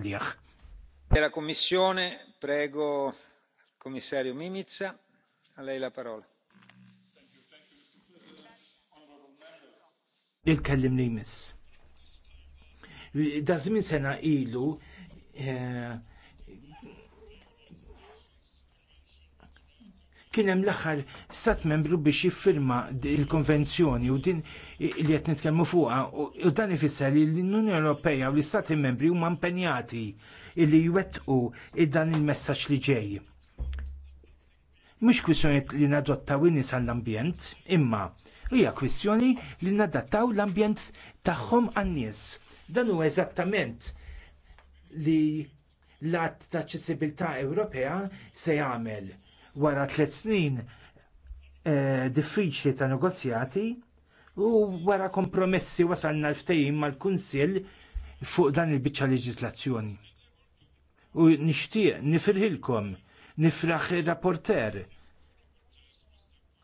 għalih. La Kommissjoni prego Kommissarju Mimica, għalej la parola. Il-kellim li jmiss. Da żmien sena ilu eh, kien hemm l-aħħar stat membru biex jiffirma il-konvenzjoni u din li qed nitkellmu fuqha u dan ifisser li l-Unjoni Ewropea u l-Istati membri huma impenjati li jwettqu dan il-messaġġ li ġej. Mhux kwistjoni li nadottaw in-nies għall-ambjent, imma hija kwistjoni li nadattaw l-ambjent tagħhom għan-nies. Dan huwa eżattament li l-att ta' ċessibilità Ewropea se jagħmel wara tliet snin eh, diffiċli ta' negozjati u wara kompromessi wasalna l-ftejim mal-Kunsill fuq dan il-biċċa leġislazzjoni. U nixtieq nifirħilkom, nifraħ ir-rapporter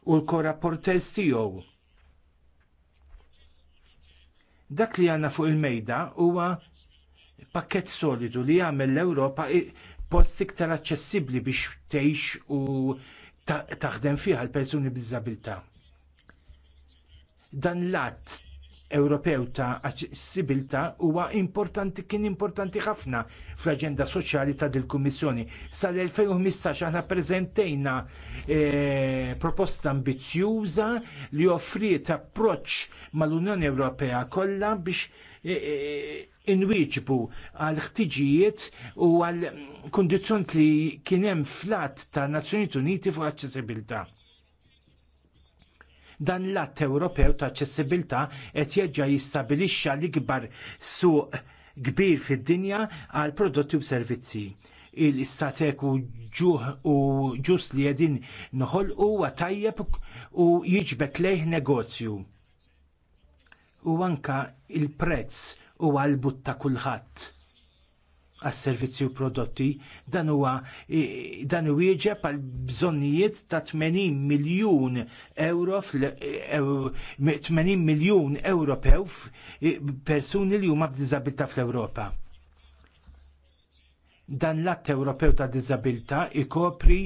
u l korrapporter tiegħu. Dak li għandna fuq il-mejda huwa pakket solidu li jagħmel l-Ewropa post iktar aċċessibbli biex tgħix u taħdem fiha l-persuni b'diżabilità. Dan l-att Ewropew ta' aċċessibilità huwa importanti kien importanti ħafna fl-aġenda soċjali ta' dil kummissjoni Sal-2015 aħna ppreżentejna e, eh, proposta ambizzjuża li offriet approċċ mal-Unjoni Ewropea kollha biex inwieġbu għal ħtiġijiet u għal kundizzjoni li kien hemm flat ta' Nazzjonijiet Uniti fuq aċċessibilità. Dan l-att Ewropew ta' aċċessibilità qed jeġġa' jistabilixxa l-ikbar suq kbir fid-dinja għal prodotti u servizzi il-istateku ġuħ u ġus li qegħdin noħolqu u tajjeb u jiġbet lejh negozju u anke l prezz huwa l-but ta' kulħadd għas-servizzi u prodotti dan huwa dan iwieġeb għal bżonnijiet ta' 80 miljun euro 80 e, e, miljun Ewropew e, persuni li huma b'diżabilità fl-Ewropa. Dan l-att Ewropew ta' diżabilità ikopri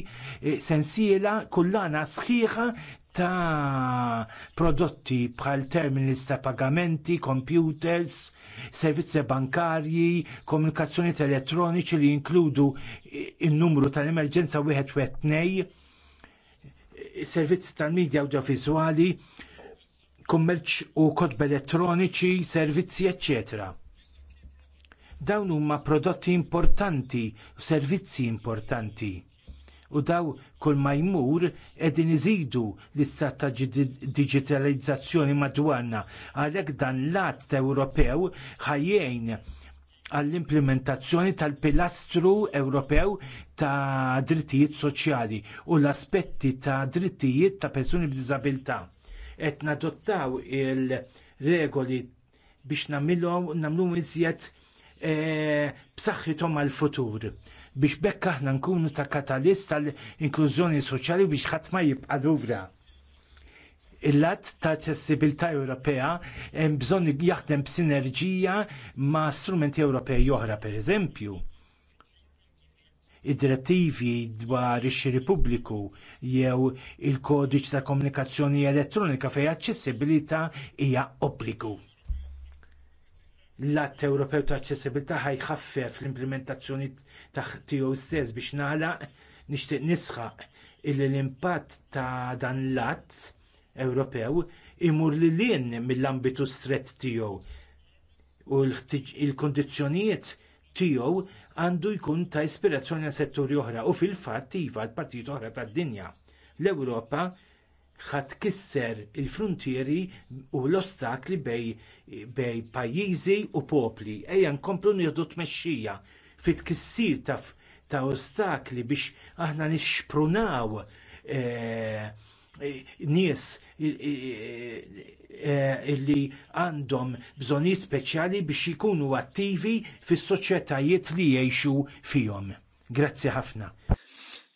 sensiela kullana sħiħa ta' prodotti bħal terminals ta' pagamenti, computers, servizzi bankarji, komunikazzjonijiet elettroniċi li jinkludu n numru tal-emerġenza wieħed servizzi tal-medja audiovizwali, kummerċ u kotba elettroniċi, servizzi, eccetera. Dawn huma prodotti importanti, servizzi importanti u daw kull ma jmur edin iżidu l-istat ta' digitalizzazzjoni madwarna għalhekk dan l-att Ewropew ħajjejn għall-implementazzjoni tal-pilastru Ewropew ta' drittijiet soċjali u l-aspetti ta' drittijiet ta' persuni b'diżabilità. Qed nadottaw il-regoli biex namilhom namlu iżjed eh, b'saħħithom għall futur biex bekk aħna nkunu ta' katalist tal-inklużjoni soċjali biex ħadd ma jibqa' lura. Il-lat ta' ċessibilta' Ewropea hemm bżonn jaħdem b'sinerġija ma' strumenti Ewropej oħra pereżempju id-direttivi dwar ix-xiri pubbliku jew il-kodiċ ta' komunikazzjoni elettronika fejn aċċessibilità hija obbligu l-att Ewropew ta' aċċessibilità ħajħaffef l-implementazzjoni tiegħu stess biex nagħlaq nixtieq nisħaq illi l-impatt ta' dan l-att Ewropew imur li lien mill-ambitu strett tiegħu u l-kondizzjonijiet tiegħu għandu jkun ta' ispirazzjoni għal setturi oħra u fil-fatt iva l-partijiet oħra tad-dinja. L-Ewropa ħat kisser il-frontieri u l-ostakli bej pajjiżi u popli. Ejja nkomplu nieħdu tmexxija fit tkissir ta' ostakli biex aħna nixprunaw eh, nies eh, li għandhom bżonijiet speċjali biex ikunu attivi fis-soċjetajiet li jgħixu fihom. Grazzi ħafna.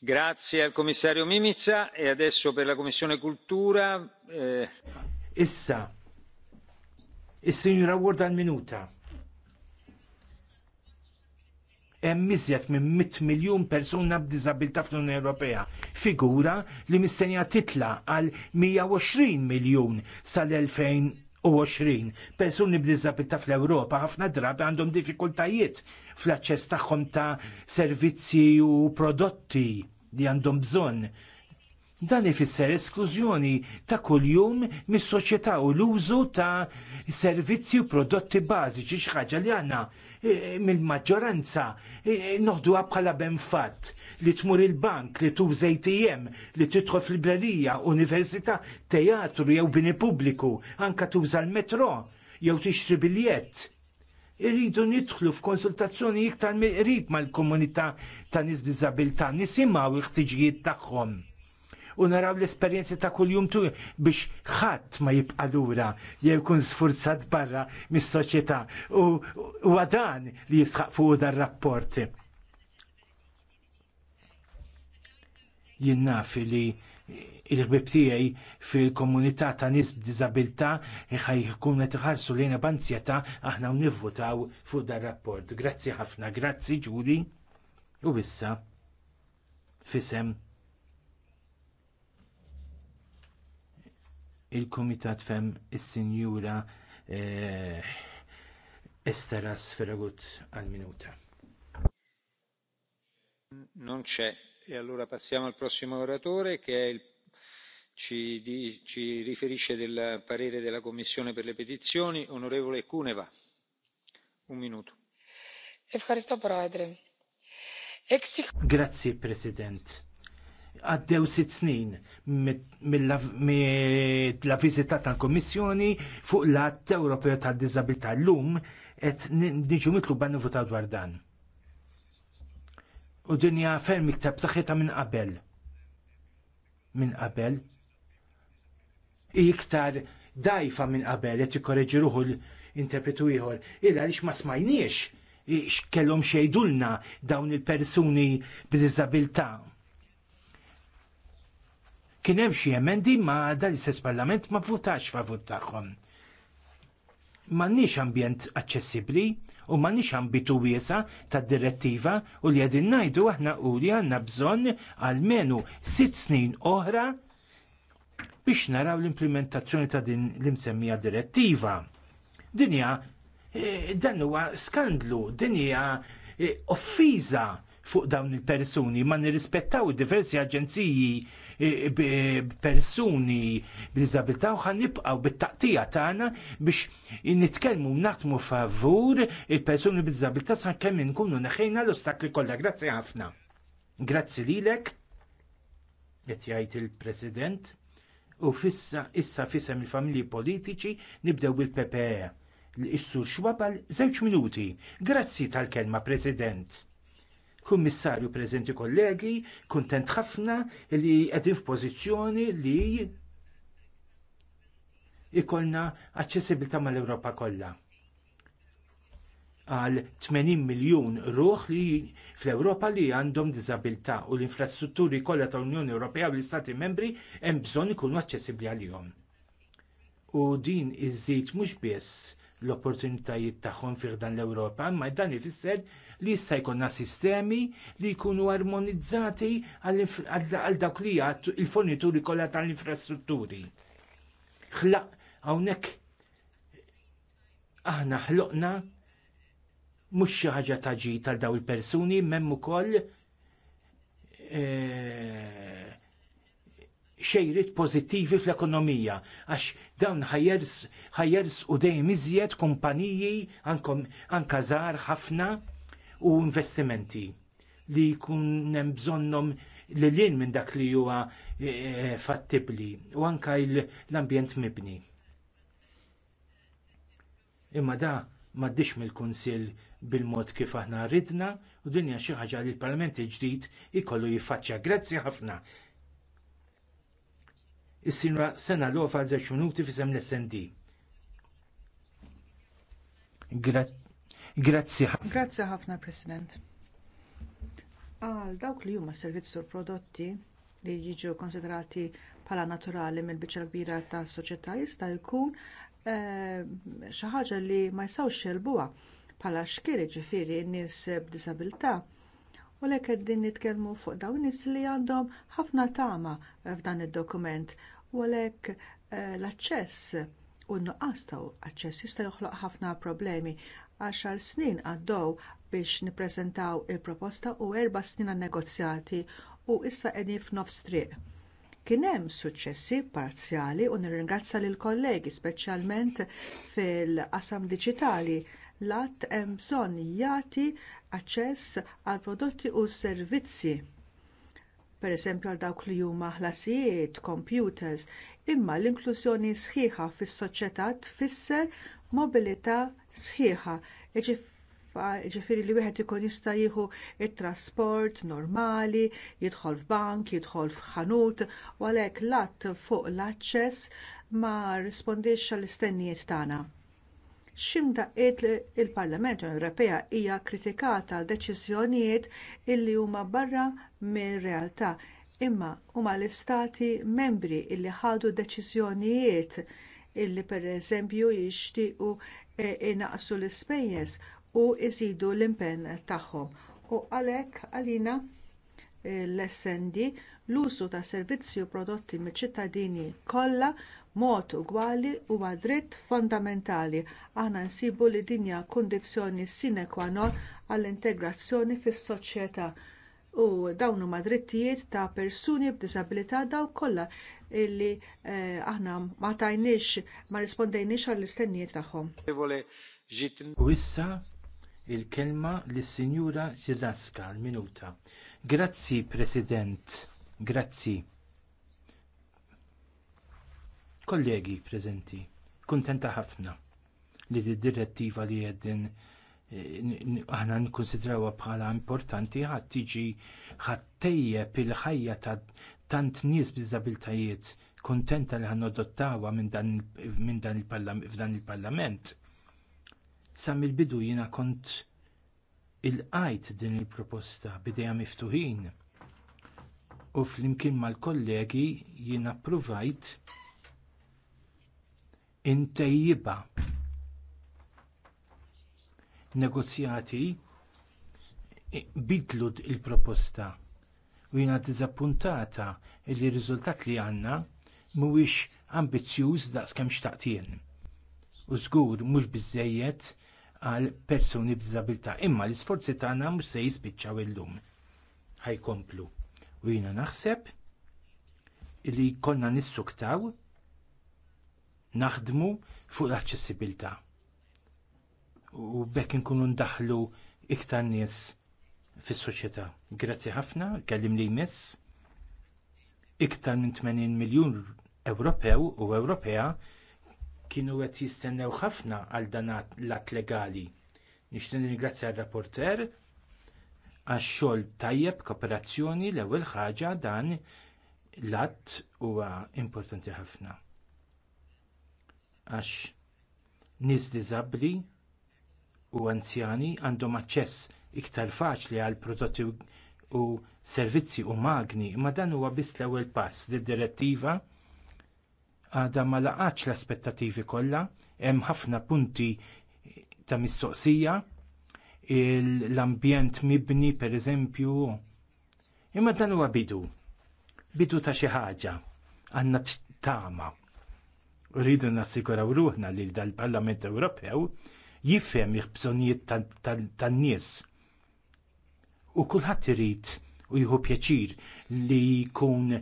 Grazie al commissario Mimica e adesso per la Commissione Cultura. Eh. Issa, is-Sinjura Ward għal-minuta. hemm iżjed minn 100 miljun persuna b'diżabilità fl-Unjoni Ewropea. Figura li mistennija titla għal 120 miljun sal-2020. Persuni b'diżabilità fl-Ewropa ħafna drabi għandhom diffikultajiet fl-aċċess tagħhom ta' servizzi u prodotti li għandhom bżonn. Dan ifisser esklużjoni ta' kuljum mis-soċjetà u l-użu ta' servizzi u prodotti bażiċi xi ħaġa li għandna e, e, mill-maġġoranza e, noħduha bħala benfatt li tmur il-bank, li tuż ATM, li tidħol fil-brerija, università, teatru jew bini pubbliku, anke tuża l-metro jew tixtri biljett irridu nidħlu f'konsultazzjoni iktar mill-qrib mal-komunità ta' nies b'diżabilità nisimgħu l-ħtiġijiet tagħhom. U naraw l-esperjenzi ta' kuljum tu biex ħadd ma jibqa' lura jew kun sfurzat barra mis-soċjetà u huwa li jisħaq fuq dar rapporti Jien nafi li il-ħbib tiegħi fil-komunità ta' nies b'diżabilità ħaj jkun qed iħarsu lejn b'anzjetà aħna nivvotaw fuq dar rapport. Grazzi ħafna, grazzi Ġuli. U issa fisem il-Kumitat Fem is-Sinjura eh, Esteras Ferragut għal-minuta. Non c'è E allora passiamo al prossimo oratore che ci, riferisce del parere della Commissione per le petizioni, onorevole Cuneva. Un minuto. Grazzi President. Għaddew sitt snin mill-la viżita tal-Kommissjoni fuq l-Att Ewropew tad-Diżabilità llum qed niġu mitluba nivutaw dwar dan u dinja ferm iktar b'saħħitha minn qabel. Minn qabel. Iktar dajfa minn qabel qed ikkoreġi ruħu l-interpretu ieħor. Illa għaliex ma smajniex x'kellhom xejdulna dawn il-persuni b'diżabilità kien hemm xi emendi ma dan l-istess parlament ma vvutax favur tagħhom m'għandniex ambjent aċċessibbli u m'għandniex ambitu wiesa tad direttiva u li għedin ngħidu aħna u li għandna bżonn għalmenu sitt snin oħra biex naraw l-implementazzjoni ta' din l-imsemmija direttiva. Dinja, e, dan huwa skandlu, dinja e, offiża fuq dawn il-persuni ma nirrispettaw diversi aġenziji persuni b'dizabilità u ħan nibqgħu bit-taqtija tagħna biex nitkellmu naħdmu favur il-persuni b'dizabilità sakemm inkunu neħejna l-ostakli kollha. Grazzi ħafna. Grazzi lilek. Qed jgħid il-President. U fissa issa fisem il-familji politiċi nibdew bil-PPE. L-issur xwabal żewġ minuti. Grazzi tal-kelma, President kummissarju preżenti kollegi, kuntent ħafna li qegħdin f'pożizzjoni li ikolna aċċessibilità mal-Ewropa kollha għal 80 miljun ruħ li fl-Ewropa li għandhom diżabilità u l-infrastrutturi kollha tal-Unjoni Ewropea u l-Istati Membri hemm bżonn ikunu aċċessibbli għalihom. U din iżżid mhux biss l-opportunitajiet tagħhom fih dan l-Ewropa, imma dan ifisser li jista' jkollna sistemi li jkunu armonizzati għal dawk li il-fornituri kollha tal-infrastrutturi. Ħlaq hawnhekk aħna ħloqna mhux xi ħaġa taġi tal daw il-persuni m'hemm ukoll e, xejrit pozittivi fl-ekonomija, għax dawn ħajjers u dejjem iżjed kumpaniji anka żgħar ħafna u investimenti li jkun hemm bżonnhom li jien minn dak li huwa eh, eh, fattibli u anke l-ambjent mibni. Imma da m'għaddix mill-Kunsill bil-mod kif aħna ridna u dinja xi ħaġa li l-Parlament il-ġdid ikollu jiffaċċja. Grazzi ħafna. Is-sinra sena l-ofa għal minuti fisem l-SND. Grazzi. Grazzi ħafna. Grazzi ħafna, President. Għal dawk li huma servizzi u prodotti li jiġu konsiderati bħala naturali mill-biċċa kbira tas soċjetà jista' jkun eh, xi ħaġa li ma jsawx xelbuha bħala xkiri ġifieri nies b'disabilità. U lek din nitkellmu fuq dawn nies li għandhom ħafna tama f'dan id-dokument u għalhekk eh, l-aċċess u n-nuqqas ta' aċċess jista' joħloq ħafna problemi għaxar snin għaddew biex nippreżentaw il-proposta u erba' snin għan negozjati u issa qegħdin f'nofs triq. Kien hemm suċċessi parzjali u nirringrazzja lill kollegi speċjalment fil-qasam diġitali l hemm bżonn jagħti aċċess għal prodotti u servizzi pereżempju għal dawk li huma ħlasijiet, computers, imma l-inklużjoni sħiħa fis-soċjetà tfisser mobilità sħiħa, ġifiri li wieħed ikun jista' jieħu t trasport normali, jidħol f'bank, jidħol f'ħanut, u għalhekk l-att fuq l-aċċess ma rispondix għall-istennijiet tagħna. X'imdaqqiet il-Parlament Ewropea hija kritikata għal deċiżjonijiet illi huma barra mir-realtà imma huma l-istati membri illi ħadu deċiżjonijiet illi pereżempju jixtiequ eh, inaqsu l-ispejjeż u jżidu l-impenn tagħhom u għalhekk għalina eh, l-SND l-użu ta' servizzi u prodotti miċ ċittadini kollha b'mod ugwali huwa dritt fondamentali. Aħna nsibu li dinja kundizzjoni sine qua non għall-integrazzjoni fis-soċjetà u dawn huma drittijiet ta' persuni b'diżabilità dawk kollha illi eh, aħna ma tajniex ma rispondejniex għall-istennijiet tagħhom. U issa il-kelma lis-Sinjura Zidaska minuta. Grazzi President, grazzi. Kollegi preżenti, kuntenta ħafna li d-direttiva li għeddin aħna nikkonsidrawha bħala importanti ħadd tiġi ħadd il-ħajja ta' tant nies b'diżabilitajiet kuntenta li ħanodottawa minn dan il-parlament. Sa mill-bidu jiena kont il-qajt din il-proposta bidejha miftuħin u flimkien mal-kollegi jiena ppruvajt intejjiba negozjati bidlu il-proposta u jiena diżappuntata li r-riżultat li għandna mhuwiex ambizzjuż daqskemm xtaqt jien. U żgur mhux biżżejjed għal persuni b'diżabilità, imma l-isforzi tagħna mhux se jispiċċaw illum. Ħajkomplu. U jiena naħseb li jkollna nissuktaw naħdmu fuq l-aċċessibilità u bekk inkunu ndaħlu iktar nies fis-soċjetà. Grazzi ħafna, kellim li jmiss. Iktar minn 80 miljun Ewropew u Ewropea kienu qed jistennew ħafna għal dan l-att legali. Nixtieq nirringrazzja r-rapporter għax xogħol tajjeb kooperazzjoni l-ewwel ħaġa dan l-att huwa importanti ħafna. Għax nies diżabbli u anzjani għandhom aċċess iktar faċli għal prodotti u servizzi u magni, imma dan huwa biss l-ewwel pass li direttiva għadha ma laqatx l-aspettattivi kollha, hemm ħafna punti ta' mistoqsija, l-ambjent mibni pereżempju. Imma dan huwa bidu, bidu ta' xi ħaġa, għandna tama. Rridu nassikuraw ruħna li dal-Parlament Ewropew jifhem il-bżonnijiet tan-nies. U kulħadd irid u jieħu pjaċir li jkun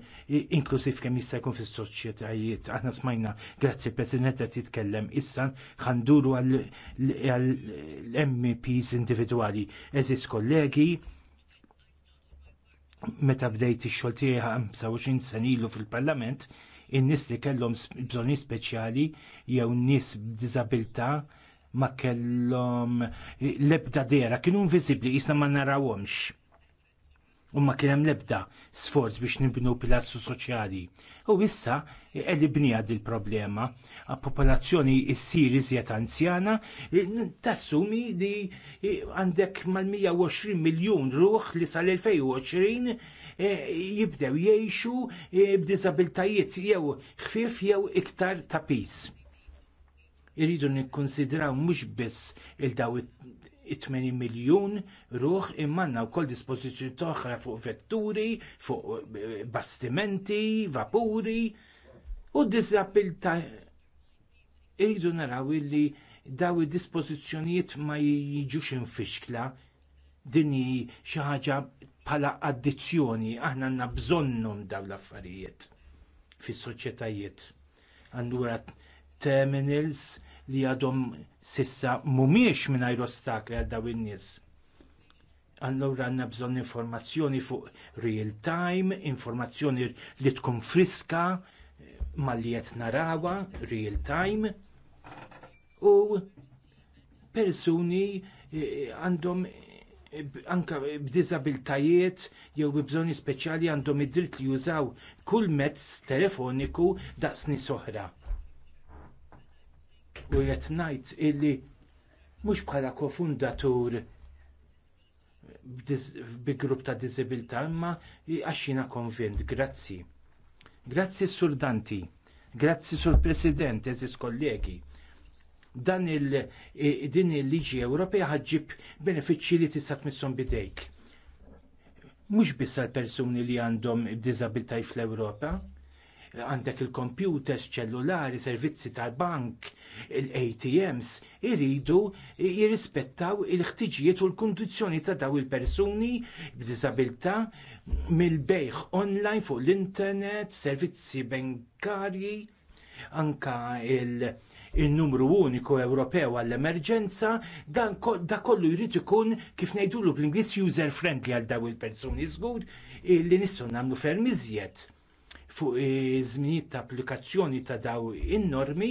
inklusiv kemm jista' jkun fis-soċjetajiet. Aħna smajna, grazzi President qed jitkellem issa ħanduru għall-MPs individwali. Eżis kollegi, meta bdejt ix-xogħol tiegħi 25 sen ilu fil-Parlament, in-nies li kellhom bżonnijiet speċjali jew nies b'diżabilità ma kellhom l-ebda dera, kienu inviżibbli jisna ma narawhomx. U ma kien hemm l-ebda sforz biex nibnu pilastru soċjali. U issa elibni għad il-problema. A popolazzjoni issir iżjed anzjana, tassumi li għandek mal-120 miljun ruħ li sal-2020 eh, jibdew jgħixu eh, b'diżabiltajiet jew ħfief jew iktar ta' tapis Irridu nikkonsidraw mhux biss il-daw 80 miljun ruħ immanna wkoll dispozizjoni toħra fuq vetturi, fuq eh, bastimenti, vapuri u dizzapil ta' irridu naraw illi daw id ma jiġux infixkla din xaħġa xi ħaġa bħala addizzjoni aħna għandna bżonnhom dawn l-affarijiet fis-soċjetajiet. Allura terminals li għadhom sissa mhumiex mingħajr ostakli għal dawn in-nies. Allura għandna bżonn informazzjoni fuq real time, informazzjoni li tkun friska eh, li qed narawha real time u persuni eh, għandhom eh, anka b'diżabiltajiet jew bi bżonni speċjali għandhom id-dritt li jużaw kull mezz telefoniku daqsni soħra u jett najt illi mux bħala kofundatur bi grupp ta' diżabilità imma għaxina konvint, grazzi. Grazzi sur Danti, grazzi sur President, eżis kollegi. Dan il, din il-liġi Ewropea ħadġib benefiċċji li tista' tmissom bidejk. Mhux biss għall persuni li għandhom diżabilitaj fl-Ewropa, għandek il-computers, ċellulari, servizzi tal-bank, il-ATMs, iridu jirrispettaw il-ħtiġijiet u l-kundizzjoni ta' daw il-persuni b'diżabilità mill-bejħ online fuq l-internet, servizzi bankarji, anka il- il-numru uniku Ewropew għall-emerġenza, dan da kollu jrid ikun kif ngħidulu bl-Ingliż user friendly għal daw il-persuni żgur li nistgħu nagħmlu ferm iżjed fuq iż-żminijiet ta' applikazzjoni ta' daw in-normi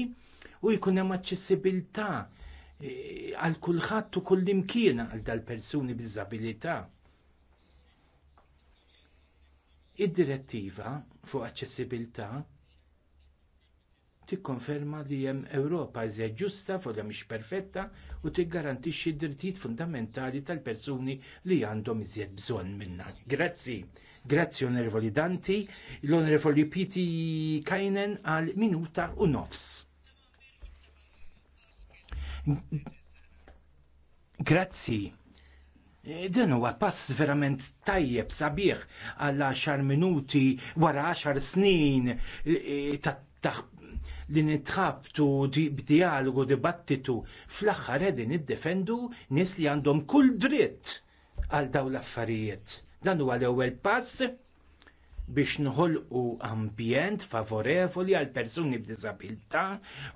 u jkun hemm aċċessibilità e, għal kulħadd u kullimkien għal dal-persuni b'iżabilità. Id-direttiva fuq aċċessibilità tikkonferma li hemm Ewropa iżjed ġusta forra mhix perfetta u tiggarantixxi d-drittijiet fundamentali tal-persuni li għandhom iżjed bżonn minnha. Grazzi. Grazzi onorevoli Danti, l-onorevoli Piti Kainen għal minuta u nofs. Grazzi. Din huwa pass verament tajjeb sabiħ għal 10 minuti wara 10 snin ta' li nitħabtu b'dialogu dibattitu fl-aħħar id-defendu nies li għandhom kull dritt għal dawn l-affarijiet Dan huwa l-ewwel pass biex nħolqu ambjent favorevoli għal persuni b'diżabilità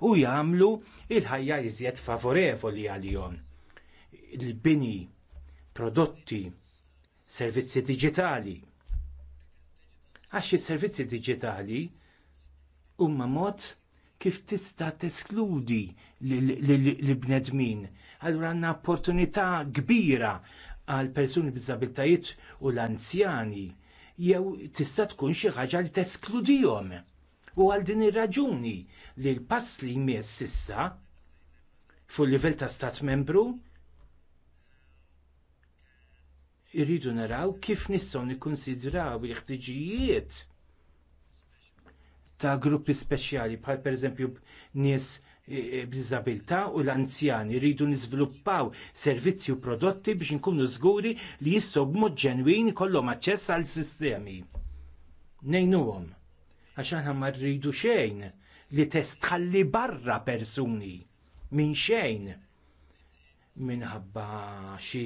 u jagħmlu il-ħajja iżjed favorevoli għalihom. Il-bini, prodotti, servizzi diġitali. Għax is-servizzi diġitali huma mod kif tista' teskludi l-bnedmin. Allura għandna opportunità kbira għal persuni b'diżabilitajiet u l-anzjani jew tista' tkun xi ħaġa li teskludihom. U għal din ir-raġuni li l-pass li jmiss issa fuq livell ta' stat membru irridu naraw kif nistgħu nikkunsidraw il-ħtiġijiet ta' gruppi speċjali bħal pereżempju nies b'diżabilità u l-anzjani rridu niżviluppaw servizzi u prodotti biex nkunu żguri li jistgħu b'mod ġenwin jkollhom aċċess għal sistemi. Nejnuhom għax aħna ma rridu xejn li testħalli barra persuni minn xejn minħabba xi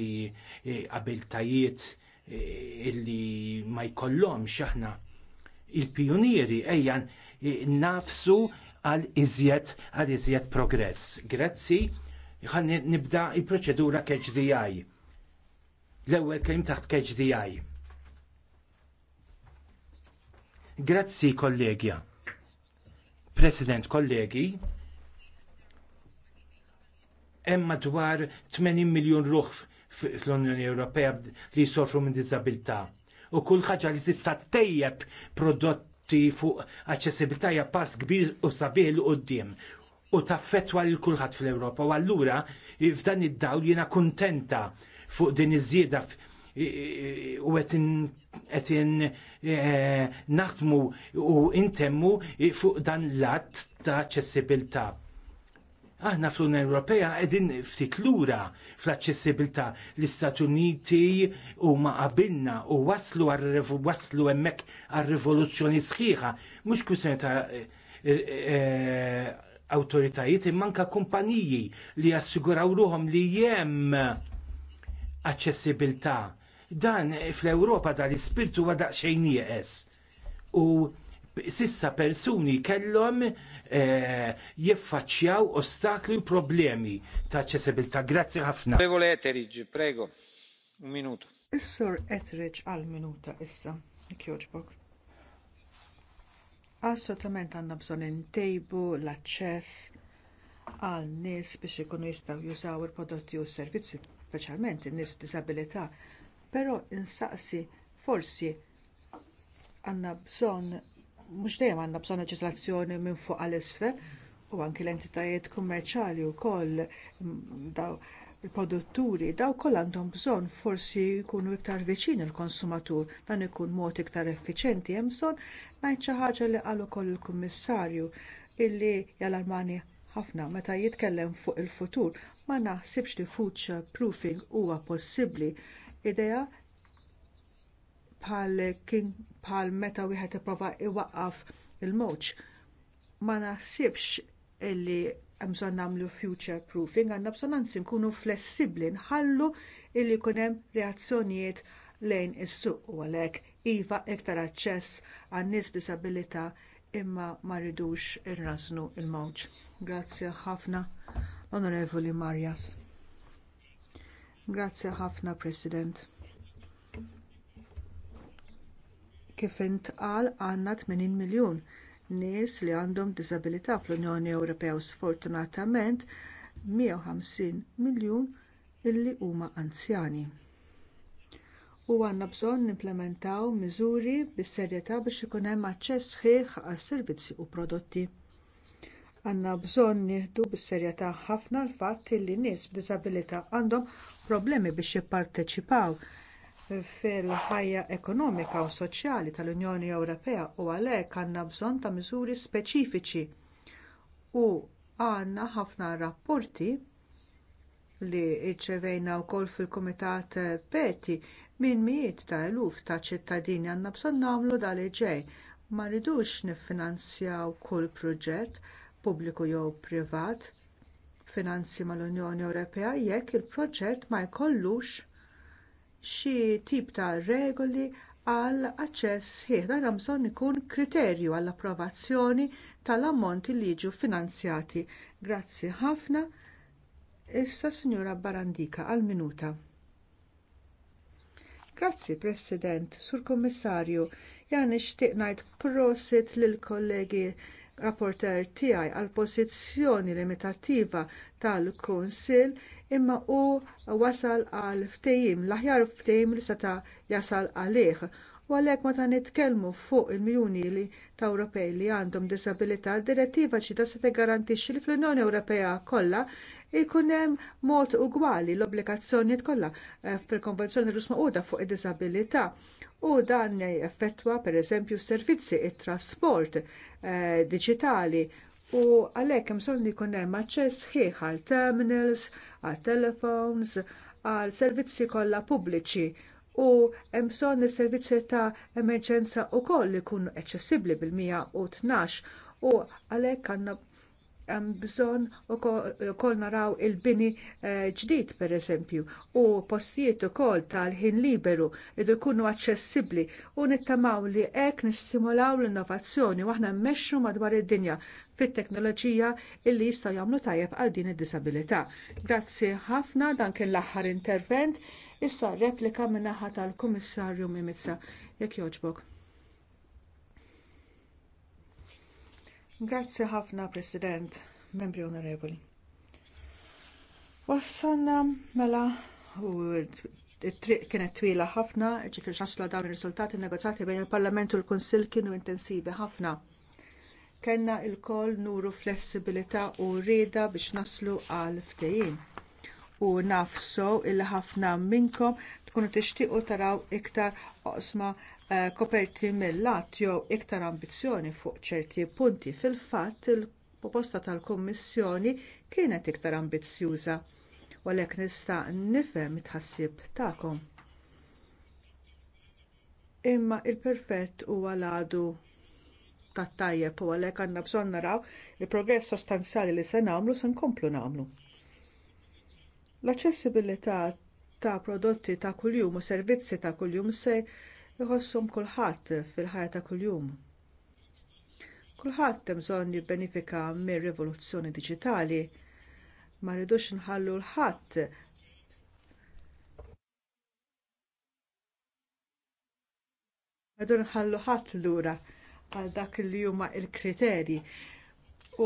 e, abiltajiet e, illi ma jkollhomx aħna il-pionieri ejjan nafsu għal iżjed għal iżjed progress. Grazzi, ħan nibda il-proċedura KHDI. L-ewwel kelim taħt KHDI. Grazzi kollegja. President kollegi, hemm madwar 80 miljun ruħ fl-Unjoni Ewropea li jsofru minn diżabilità u kull ħaġa li tista' tejjeb prodott atti fuq aċċessibilità hija pass kbir u sabiħ l qudiem u taffettwa lil kulħadd fl-Ewropa u allura f'dan id-dawl jiena kuntenta fuq din iż-żieda u għetin eh, naħdmu u intemmu fuq dan l-att ta' ċessibilta. Aħna fl-Unjoni Ewropea qegħdin ftit lura fl-aċċessibilità l-Istati Uniti huma qabilna u waslu waslu hemmhekk għar-rivoluzzjoni sħiħa, mhux kwistjoni ta' e, e, e, awtoritajiet immanka kumpaniji li jassiguraw ruhom li hemm aċċessibilità. Dan fl-Ewropa dan l-ispirtu għadaq xejn jeqes. U sissa persuni kellhom Eh, jiffaċċjaw ostakli u problemi ta' ċesibilta. Grazzi ħafna. Onorevole Etheridge, prego, un minuto. Is-sur Etheridge għal minuta issa, kjoġbok. Assolutament għandna bżonn intejbu l-aċċess għal nies biex ikunu jistgħu jużaw il-prodotti u s-servizzi, speċjalment in-nies b'diżabilità, però insaqsi forsi għandna bżonn mhux dejjem għandna bżonn leġislazzjoni minn fuq għal isfel u anki l-entitajiet kummerċjali wkoll daw il-produtturi daw koll għandhom bżonn forsi jkunu iktar viċin il-konsumatur dan ikun mod iktar effiċjenti hemm bżonn ngħid xi ħaġa li qal ukoll il-Kummissarju illi jalarmani ħafna meta jitkellem fuq il-futur ma naħsibx li future proofing huwa possibbli idea bħal meta wieħed ipprova iwaqqaf il-mowġ. Ma naħsibx illi hemm bżonn nagħmlu future proofing, għandna bżonn anzi nkunu flessibbli nħallu illi jkun hemm reazzjonijiet lejn is-suq u għalhekk iva iktar aċċess għan nies b'disabilità imma ma rridux irrażnu l mowġ Grazzi ħafna, Onorevoli Marjas. Grazzi ħafna, President. Kif intqal għandna 80 miljun nies li għandhom diżabilità fl-Unjoni Ewropea u sfortunatament 150 miljun illi huma anzjani. U għandna bżonn nimplementaw miżuri bis-serjetà biex ikun hemm aċċess sħiħ għas-servizzi u prodotti. Għandna bżonn nieħdu bis-serjetà ħafna l-fatt li nies b'diżabilità għandhom problemi biex jipparteċipaw fil-ħajja ekonomika u soċjali tal-Unjoni Ewropea u għalhekk għandna bżonn ta' miżuri speċifiċi u għandna ħafna rapporti li rċevejna wkoll fil-Kumitat Peti minn mijiet ta' eluf ta' ċittadini għandna bżonn nagħmlu dali ġej. Ma rridux niffinanzjaw kull proġett pubbliku jew privat finanzi mal-Unjoni Ewropea jekk il-proġett ma jkollux xi tip ta' regoli għal aċċess ħieħ dan hemm bżonn ikun kriterju għall approvazzjoni tal-ammonti li jiġu finanzjati. Grazzi ħafna. Issa Sinjura Barandika għal minuta. Grazzi President, Sur Kommissarju, jan nixtieq ngħid prosit lill kollegi rapporter tiegħi għall pożizzjoni limitattiva tal-Kunsill imma hu wasal għal ftehim, l-aħjar ftehim li seta jasal għalih. U għalhekk meta nitkellmu fuq il-miljuni li ta' Ewropej li għandhom diżabilità, direttiva ċita se tiggarantixxi li fl-Unjoni Ewropea kollha ikun hemm mod ugwali l-obbligazzjonijiet kollha eh, fil-Konvenzjoni Rusma Maquda fuq id-diżabilità. U dan effettwa pereżempju s-servizzi, it-trasport eh, diġitali u għalhekk hemm bżonn li jkun hemm aċċess sħiħ għal terminals, għal telephones, għal servizzi kollha pubbliċi u hemm bżonn is servizzi ta' emerġenza wkoll li jkunu eċċessibbli bil-112 u għalhekk għandna hemm bżonn ukoll naraw il-bini eh, ġdid pereżempju u postijiet ukoll tal-ħin liberu li jkunu aċċessibbli u nittamaw li hekk nistimulaw l-innovazzjoni u aħna mmexxu madwar id-dinja fit-teknoloġija illi jistgħu jagħmlu tajjeb għal din id-disabilità. Grazzi ħafna dan kien l-aħħar intervent. Issa replika min-naħa tal-Kummissarju Mimica. Jekk jogħġbok. Grazzi ħafna, President, membri onorevoli. Wassanna mela u it-triq kienet twila ħafna, ġifir xasla dawn ir-riżultati negozjati bejn il-Parlament u l-Kunsill kienu intensivi ħafna kellna lkoll nuru flessibilità u rieda biex naslu għal ftehim. U naf so il ħafna minnkom tkunu tixtiequ taraw iktar oqsma eh, koperti mill-lat jew iktar ambizzjoni fuq ċerti punti fil-fatt il-proposta tal-Kummissjoni kienet iktar ambizzjuża u għalhekk nista' nifhem it-tħassib tagħkom. Imma l perfett huwa għaladu tat-tajjeb u għalhekk għandna bżonn naraw il-progress sostanzjali li se nagħmlu se nkomplu nagħmlu. L-aċċessibilità ta' prodotti ta' kuljum u servizzi ta' kuljum se jħossom kulħadd fil-ħajja ta' kuljum. Kulħadd hemm bżonn jibbenefika mir-rivoluzzjoni diġitali ma rridux nħallu l-ħadd Għadu nħallu ħadd lura għal dak li huma l kriterji u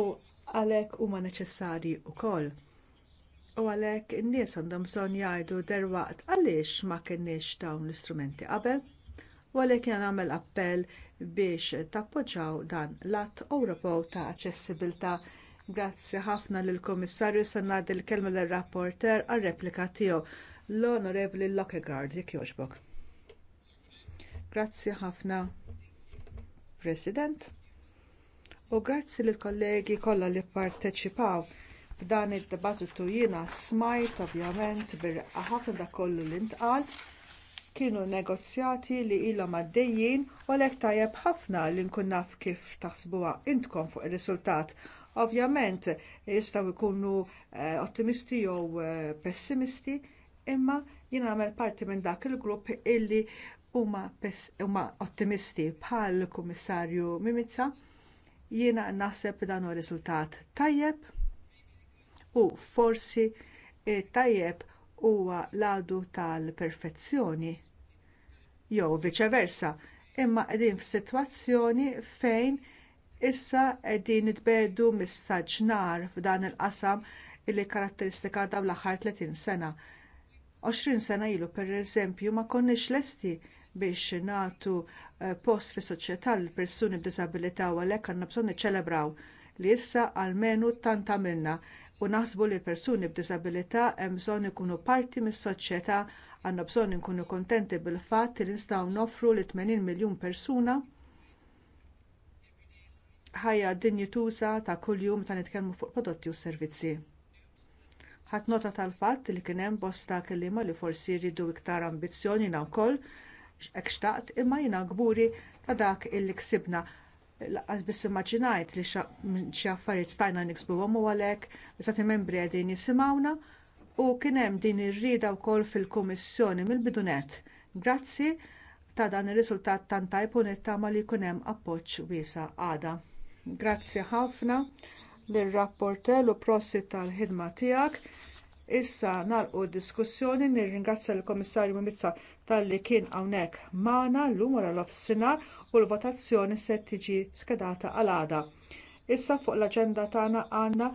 għalhekk huma neċessarji wkoll. U għalhekk in-nies għandhom bżonn jgħidu derwaqt għaliex ma kinniex dawn l-istrumenti qabel u għalhekk jien nagħmel appell biex tappoġġjaw dan l-att Ewropew ta' aċċessibilità. Grazzi ħafna lill komissarju se ngħaddi l-kelma lir rapporter għar-replika tiegħu l onorevli Lockegard, jekk jogħġbok. Grazzi ħafna. President. U grazzi lill kollegi kollha li pparteċipaw f'dan id-dibattitu jiena smajt ovvjament bir-reqqa ħafna dak kollu li ntqal kienu negozjati li ilhom għaddejjin u għalhekk tajjeb ħafna li nkun naf kif taħsbuha intkom fuq ir-riżultat Ovvjament jistgħu jkunu eh, ottimisti jew eh, pessimisti, imma jiena nagħmel parti minn dak il-grupp illi huma ottimisti bħal kummissarju Mimica jiena naħseb dan huwa riżultat tajjeb u forsi t e, tajjeb huwa l-għadu tal-perfezzjoni jew viċeversa imma qegħdin f'sitwazzjoni fejn issa qegħdin nitbedu mistaġnar f'dan il-qasam li karatteristika dawl aħħar 30 sena. 20 sena ilu pereżempju ma konniex lesti biex nagħtu eh, post fis soċjetà lill persuni b'diżabilità u għalhekk għandna bżonn niċċelebraw li issa għalmenu tant għamilna u naħsbu li l-persuni b'diżabilità hemm bżonn ikunu parti mis-soċjetà għandna bżonn inkunu kuntenti bil-fatt li nistgħu noffru li 80 miljun persuna ħajja dinjituża ta' kuljum ta' nitkellmu fuq prodotti u servizzi. Ħadd nota tal-fatt li kien hemm bosta kelliema li forsi jridu iktar ambizzjoni na wkoll hekk xtaqt imma jiena gburi ta' dak illi ksibna. Laqqas biss immaġinajt li xi affarijiet stajna niksbuhom u għalhekk istati membri qegħdin jisimgħuna u kien hemm din ir-rieda wkoll fil-Kummissjoni mill-bidunet. Grazzi ta' dan ir-riżultat tant tajb u nittama li jkun hemm appoġġ wiesa' għada. Grazzi ħafna lir rapporter u prossi tal-ħidma tiegħek. Issa nagħlqu d-diskussjoni nirringrazzja l-Komissarju Mimica talli kien hawnhekk magħna llum wara l-offsinar u l-votazzjoni se tiġi skedata għal għada. Issa fuq l-aġenda tagħna għandna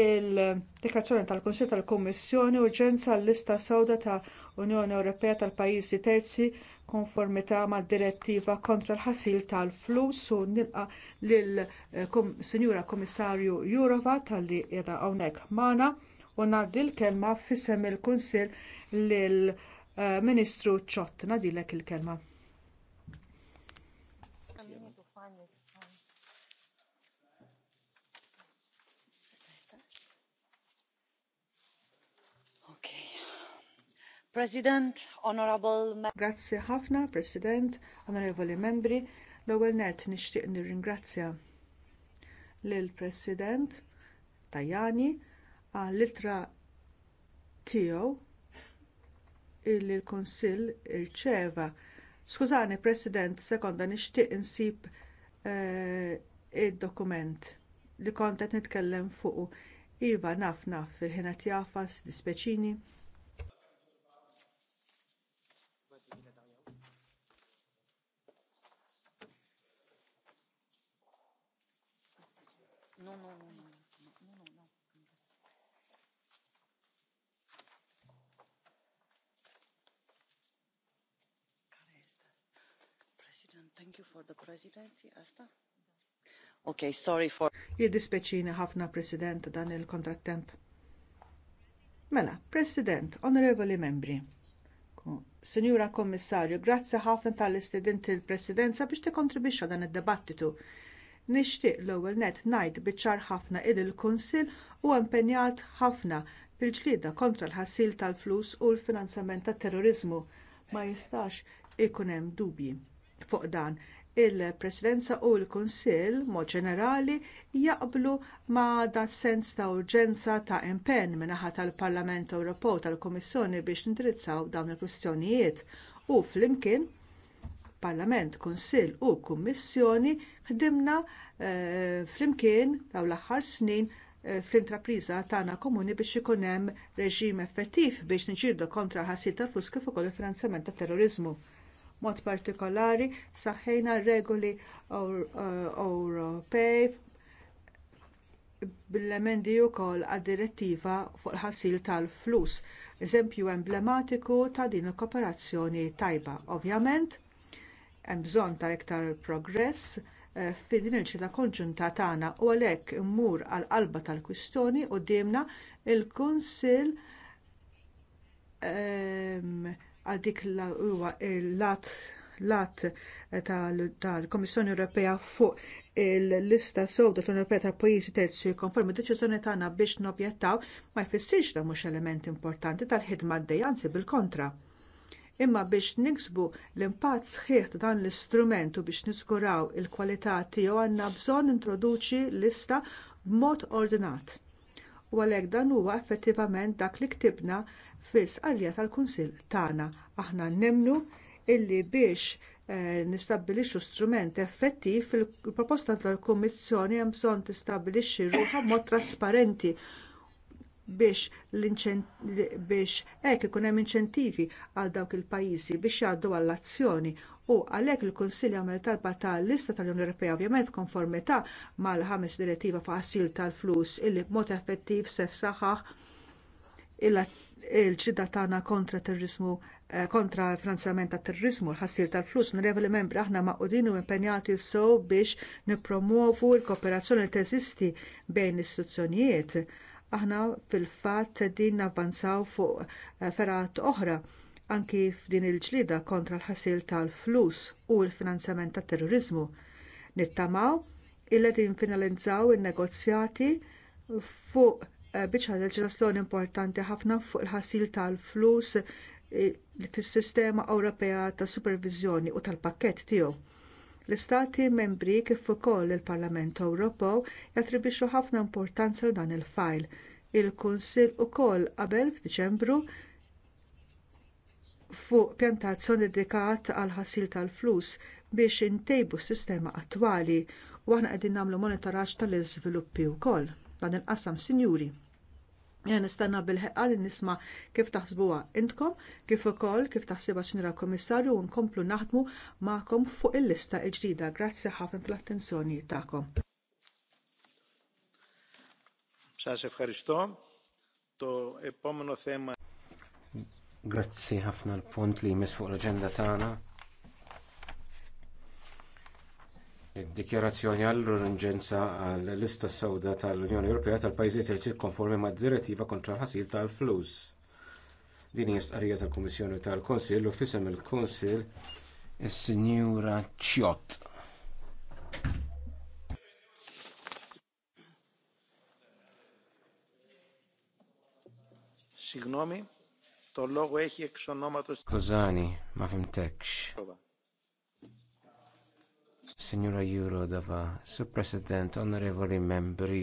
il-dekrazzjoni tal-Kunsill tal-Kummissjoni urġenza l-lista sewda ta' Unjoni Ewropea tal-pajjiżi terzi konformità mad-direttiva kontra l-ħasil tal-flus u nilqa lill eh, Sinjura Kummissarju Jurova talli qiegħda hawnhekk magħna u ngħaddi l-kelma f'isem il-Kunsill lil eh, Ministru Ċott. Nadilek il-kelma. President, Honorable Grazzi ħafna, President, Onorevoli Membri. L-ewwel nett nixtieq nirringrazzja lill President Tajani għall-ittra tiegħu illi l-Kunsill irċeva. Skużani, President, sekonda nixtieq insib eh, id-dokument li kont qed nitkellem fuqu. Iva naf naf il qed jafas, ispeċini Thank for the Jiddispeċini ħafna President dan il-kontrattemp. Mela, President, onorevoli membri, Signora Kommissarju, grazzi ħafna tal istedin il-Presidenza biex tikkontribwixxa dan id debattitu Nixtieq l-ewwel nett ngħid biċar ħafna il il-Kunsill huwa impenjat ħafna fil-ġlieda kontra l-ħassil tal-flus u l finanzament tat-terrorizmu ma jistax ikun hemm dubji fuq dan il-Presidenza u l-Kunsill mod ġenerali jaqblu ma' dat sens ta' urġenza ta' impenn min-naħa tal-Parlament Ewropew tal-Kummissjoni biex nindirizzaw dawn il-kwistjonijiet u flimkien Parlament, Kunsill u Kummissjoni ħdimna e, flimkien dawn l-aħħar snin eh, fl-intrapriża tagħna komuni biex ikun hemm reġim effettiv biex niġġieldu kontra ħasil tal-flus kif ukoll il-finanzjament tat-terrorizmu. Mod partikolari saħħejna r regoli eh, Ewropej bil-emendi wkoll għad-direttiva fuq il-ħasil tal-flus. Eżempju emblematiku ta' din il-kooperazzjoni tajba. Ovvjament, hemm bżonn ta' iktar progress eh, fi din il-ċita konġunta tagħna u għalhekk immur għall qalba tal-kwistjoni quddiemna il-Kunsill ehm, għal dik l-lat lat eh, tal-Komissjoni Ewropea fuq il-lista sowda tal Ewropea ta' pajjiżi terzi konformi deċiżjoni tagħna biex nobjettaw ma jfissirx li mhux element importanti tal-ħidma għaddej anzi bil-kontra. Imma biex niksbu l-impatt sħiħ ta' dan l-istrument u biex niskuraw il-kwalità tiegħu għandna bżonn introduċi lista b'mod ordinat. U għalhekk dan huwa effettivament dak li ktibna fis-qarja tal-Kunsill tagħna. Aħna nemnu illi biex eh, nistabbilixxu strument effettiv fil-proposta tal-Kummissjoni hemm bżonn tistabbilixxi ruħha b'mod trasparenti biex hekk ikun hemm inċentivi għal dawk il-pajjiżi biex jgħaddu għall-azzjoni u għalhekk il-Kunsill jagħmel talba tal-lista tal-Unjoni Ewropea ovvjament f'konformità mal-ħames direttiva fuq tal-flus illi b'mod effettiv se saħaħ il-ċida tagħna kontra terriżmu eh, kontra finanzjament ta' terrorizmu l-ħassir tal-flus li membri aħna maqudin u impenjati sew biex nippromuovu l-kooperazzjoni li teżisti bejn l-istituzzjonijiet. Aħna fil-fatt din navvanzaw fuq eh, ferat oħra anki f'din il-ġlida kontra l ħassil tal-flus u l-finanzjament tat terrorizmu. Nittamaw il din finalizzaw in-negozjati fuq Eh, biċċa leġislazzjoni importanti ħafna fuq il-ħasil tal-flus eh, fis-sistema Ewropea ta' Superviżjoni u tal-pakkett tiegħu. L-istati membri kif ukoll il-Parlament Ewropew jattribwixxu ħafna importanza dan il-fajl. Il-Kunsill ukoll qabel f'Diċembru fuq pjantazzjoni dedikat għal ħasil tal-flus biex intejbu s-sistema attwali u aħna qegħdin nagħmlu monitoraġġ tal-iżviluppi wkoll dan il-qasam sinjuri. Jen nistenna bil-ħeqqa li nisma kif taħsbuha intkom, kif ukoll kif taħsibha x'nira kummissarju u nkomplu naħdmu magħkom fuq il-lista l-ġdida. Grazzi ħafna tal-attenzjoni tagħkom. Grazzi ħafna l-punt li jmiss fuq l-aġenda tagħna. Id-dikjarazzjoni għall urġenza għall lista sewda tal-Unjoni Ewropea tal-pajjiżiet li konformi mad-direttiva kontra l-ħasil tal-flus. Din hija stqarrija tal-Kummissjoni tal-Kunsill u fisem il-Kunsill is-Sinjura Ciot. Signomi, tollogu ma fimtekx. Signora Jurodova, Sur President, Onorevoli Membri,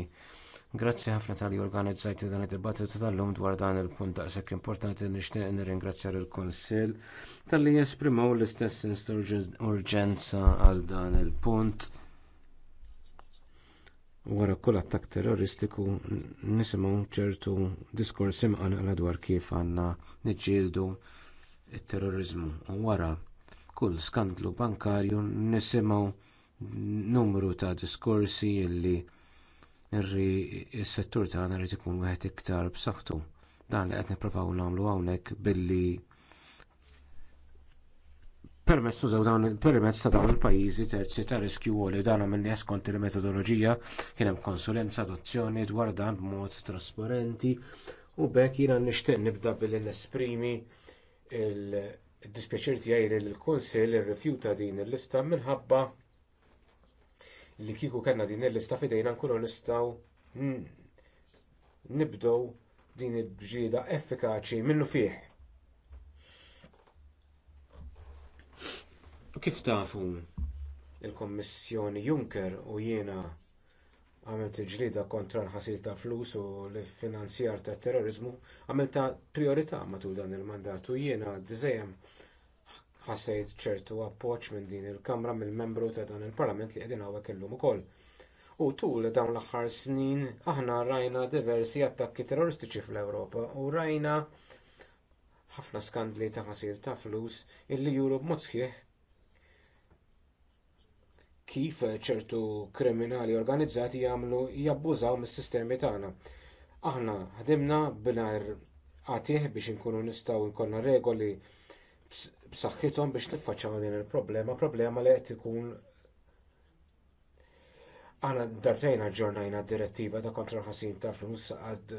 Grazzi ħafna tal-li dan id-dibattitu tal-lum dwar dan il-punt daqshekk importanti nixtieq nirringrazzjar il-Kunsill tal-li jesprimaw l-istess urġenza għal dan il-punt. Wara kull attakk terroristiku nisimgħu ċertu diskors imqan għal dwar kif għandna niġġieldu t terrorizmu u wara kull skandlu bankarju nisimgħu numru ta' diskorsi li s-settur tagħna rrid ikun wieħed iktar b'saħħtu. Dan li qed nippruvaw nagħmlu hawnhekk billi permezz ta' dawn il-pajjiżi terzi ta' riskju għoli dan għamilni skont il-metodoloġija kien hemm konsulenza adozzjoni dwar dan b'mod trasparenti u b'hekk jiena nixtieq nibda billi nesprimi il- Id-dispjaċir tiegħi li l-Kunsill irrifjuta din il-lista minħabba li kieku kellna din il-lista fidejna nkunu nistgħu nibdew din il-bġieda effikaċi minnu fih. Kif tafu il kummissjoni Juncker u jiena għamilt il-ġlida kontra l-ħasil ta' flus u l-finanzjar ta' terrorizmu għamilt ta' priorità matul dan il-mandat u jiena dizzejem ħassejt ċertu appoġġ minn din il-Kamra mill-membru ta' dan il-Parlament li qegħdin hawnhekk illum ukoll. U tul dawn l-aħħar snin aħna rajna diversi attakki terroristiċi fl-Ewropa u rajna ħafna skandli ta' ħasil ta' flus illi juru b'mod sħiħ kif ċertu kriminali organizzati jagħmlu jabbużaw mis-sistemi tagħna. Aħna ħdimna b'nar għatih biex inkunu nistgħu jkollna regoli b'saħħithom biex niffaċċaw din il-problema, problema li qed ikun aħna darbtejna aġġornajna d-direttiva ta' kontra ħasin ta' flus għad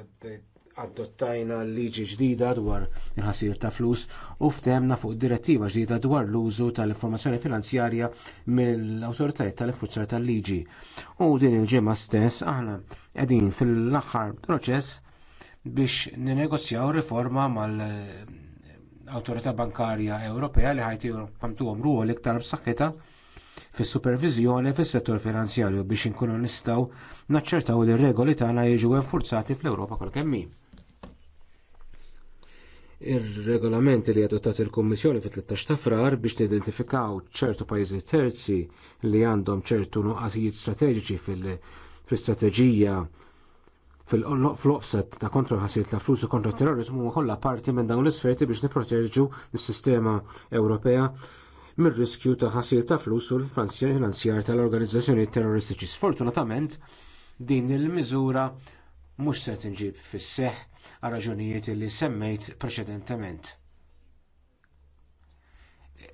adottajna liġi ġdida dwar il-ħasir ta' flus u ftemna fuq direttiva ġdida dwar l-użu tal-informazzjoni finanzjarja mill-awtoritajiet tal-infurzar tal-liġi. U din il-ġimgħa stess aħna qegħdin fil-aħħar proċess biex ninegozjaw riforma mal- Awtorità Bankarja Ewropea li ħajti ħamtuhom ruol iktar b'saħħitha fis-superviżjoni fis-settur finanzjarju biex inkunu nistgħu naċċertaw li r-regoli tagħna jiġu enfurzati fl-Ewropa kol kemm Ir-regolamenti li adottat il-Kummissjoni fit-13 ta' frar biex nidentifikaw ċertu pajjiżi terzi li għandhom ċertu nuqqasijiet strateġiċi fil-istrateġija fil-offset ta' kontra ħasiet ta' flus kontra terrorizmu kollha parti minn dawn l-isferti biex nipproteġu l-sistema Ewropea mir-riskju ta' ħasiet ta' flus u l-finanzjar tal-organizzazzjoni terroristiċi. Sfortunatament, din il-miżura mhux se tinġib fis-seħħ għal raġunijiet li semmejt preċedentement.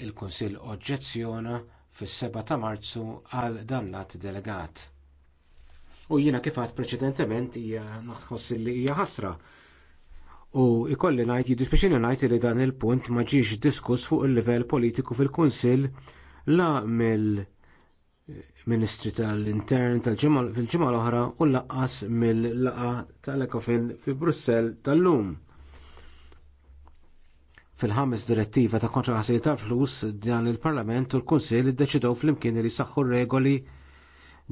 Il-Kunsill oġġezzjona fis-7 ta' Marzu għal dan l-att delegat. U jiena kif għad preċedentement hija naħħoss li hija ħasra. U ikolli ngħid jiddispjaċini ngħid li dan il-punt ma ġiex diskuss fuq il-livell politiku fil-Kunsill la mill- ministri tal-intern fil-ġimgħa l-oħra u laqqas mill-laqgħa tal-Ekofin fi Brussell tal-lum. Fil-ħames direttiva ta' kontra tal-flus dan il-Parlament u l-Kunsill iddeċidew flimkien li saħħu regoli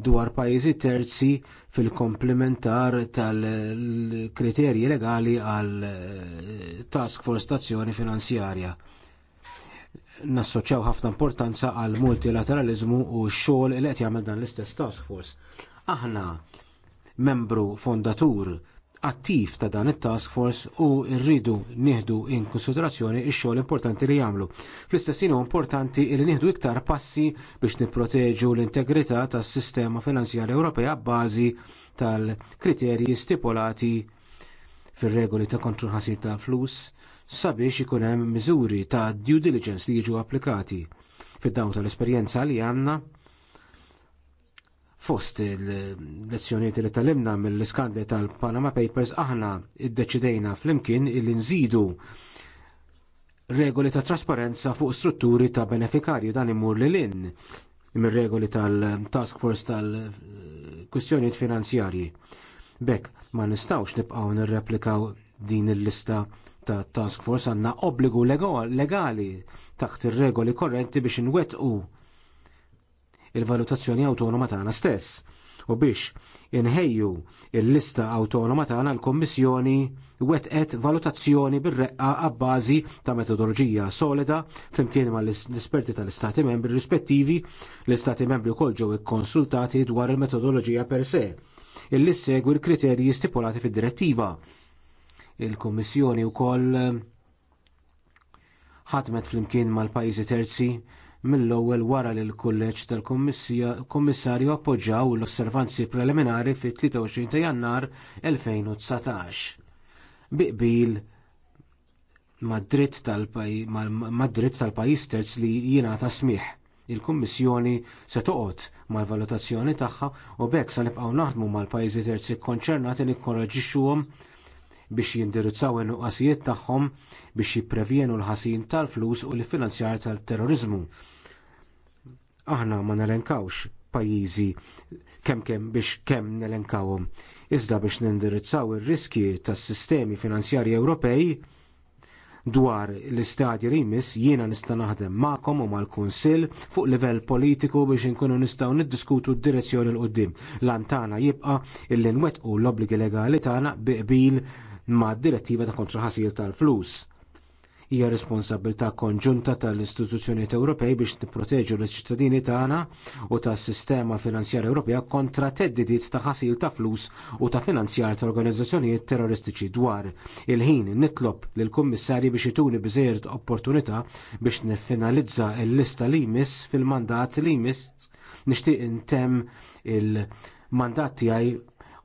dwar pajjiżi terzi fil-komplementar tal-kriterji legali għal eh, task force finanzjarja nassoċjaw ħafna importanza għal multilateraliżmu u x-xogħol li qed jagħmel dan l-istess task force. Aħna membru fondatur attiv ta' dan it-task force u rridu nieħdu in konsiderazzjoni x-xogħol importanti li jagħmlu. Fl-istess huwa importanti li nieħdu iktar passi biex nipproteġu l-integrità tas-sistema finanzjarja Ewropea bbażi tal-kriterji stipulati fir-regoli ta' kontrol ħasib tal-flus sabiex ikun hemm miżuri ta' due diligence li jiġu applikati fid-dawn tal-esperjenza li għandna fost il-lezzjoniet li talimna mill-iskandli tal-Panama Papers aħna iddeċidejna flimkien li nżidu regoli ta' trasparenza fuq strutturi ta' benefikarju dan imur li in mir regoli tal-task force tal-kwistjoniet finanzjarji. Bek, ma nistawx nibqaw nirreplikaw din il-lista ta' task force għandna obbligu legali taħt ir-regoli korrenti biex inwettqu il-valutazzjoni awtonoma tagħna stess u biex inħejju l lista awtonoma tagħna l-Kommissjoni wetqet valutazzjoni bir-reqqa għabbażi ta' metodoloġija solida flimkien mal l-esperti tal-Istati membri rispettivi l-Istati membri wkoll ġew ikkonsultati dwar il-metodoloġija per se illi segwi l-kriterji stipulati fid-direttiva. Il-Kummissjoni wkoll ħatmet flimkien mal-pajjiżi terzi mill-ewwel wara li l-kulleġġ tal-Kummissarju appoġġjaw l-osservanzi preliminari fit-23 ta' Jannar 2019. Biqbil mad-dritt tal-pajjiż terz li jingħata smigħ il-Kummissjoni se toqgħod mal-valutazzjoni tagħha u b'hekk se nibqgħu naħdmu mal-pajjiżi terzi kkonċernati nikkoraġixxuhom biex jindirizzaw in-nuqqasijiet tagħhom biex jipprevjenu l-ħasin tal-flus u l-finanzjar tal-terrorizmu. Aħna ma nelenkawx pajjiżi kemm kemm biex kemm nelenkawhom. Iżda biex nindirizzaw ir-riski tas-sistemi finanzjarji Ewropej dwar l-istadji li jmiss jiena nista' naħdem magħkom u mal-Kunsill fuq livell politiku biex inkunu nistgħu niddiskutu d-direzzjoni l qudiem Lantana jibqa' li nwettqu l-obbligi legali tagħna biqbil ma direttiva ta' kontra ħasil tal-flus. Hija responsabilità konġunta tal-istituzzjonijiet Ewropej biex nipproteġu l-ċittadini tagħna u tas-sistema finanzjarja Ewropea kontra teddidiet ta' ħasil ta' flus u ta' finanzjar ta' organizzazzjonijiet terroristiċi dwar. Il-ħin nitlob lill kummissarji biex ituni biżejjed opportunità biex niffinalizza l-lista li jmiss fil-mandat li jmiss nixtieq intemm il-mandat tiegħi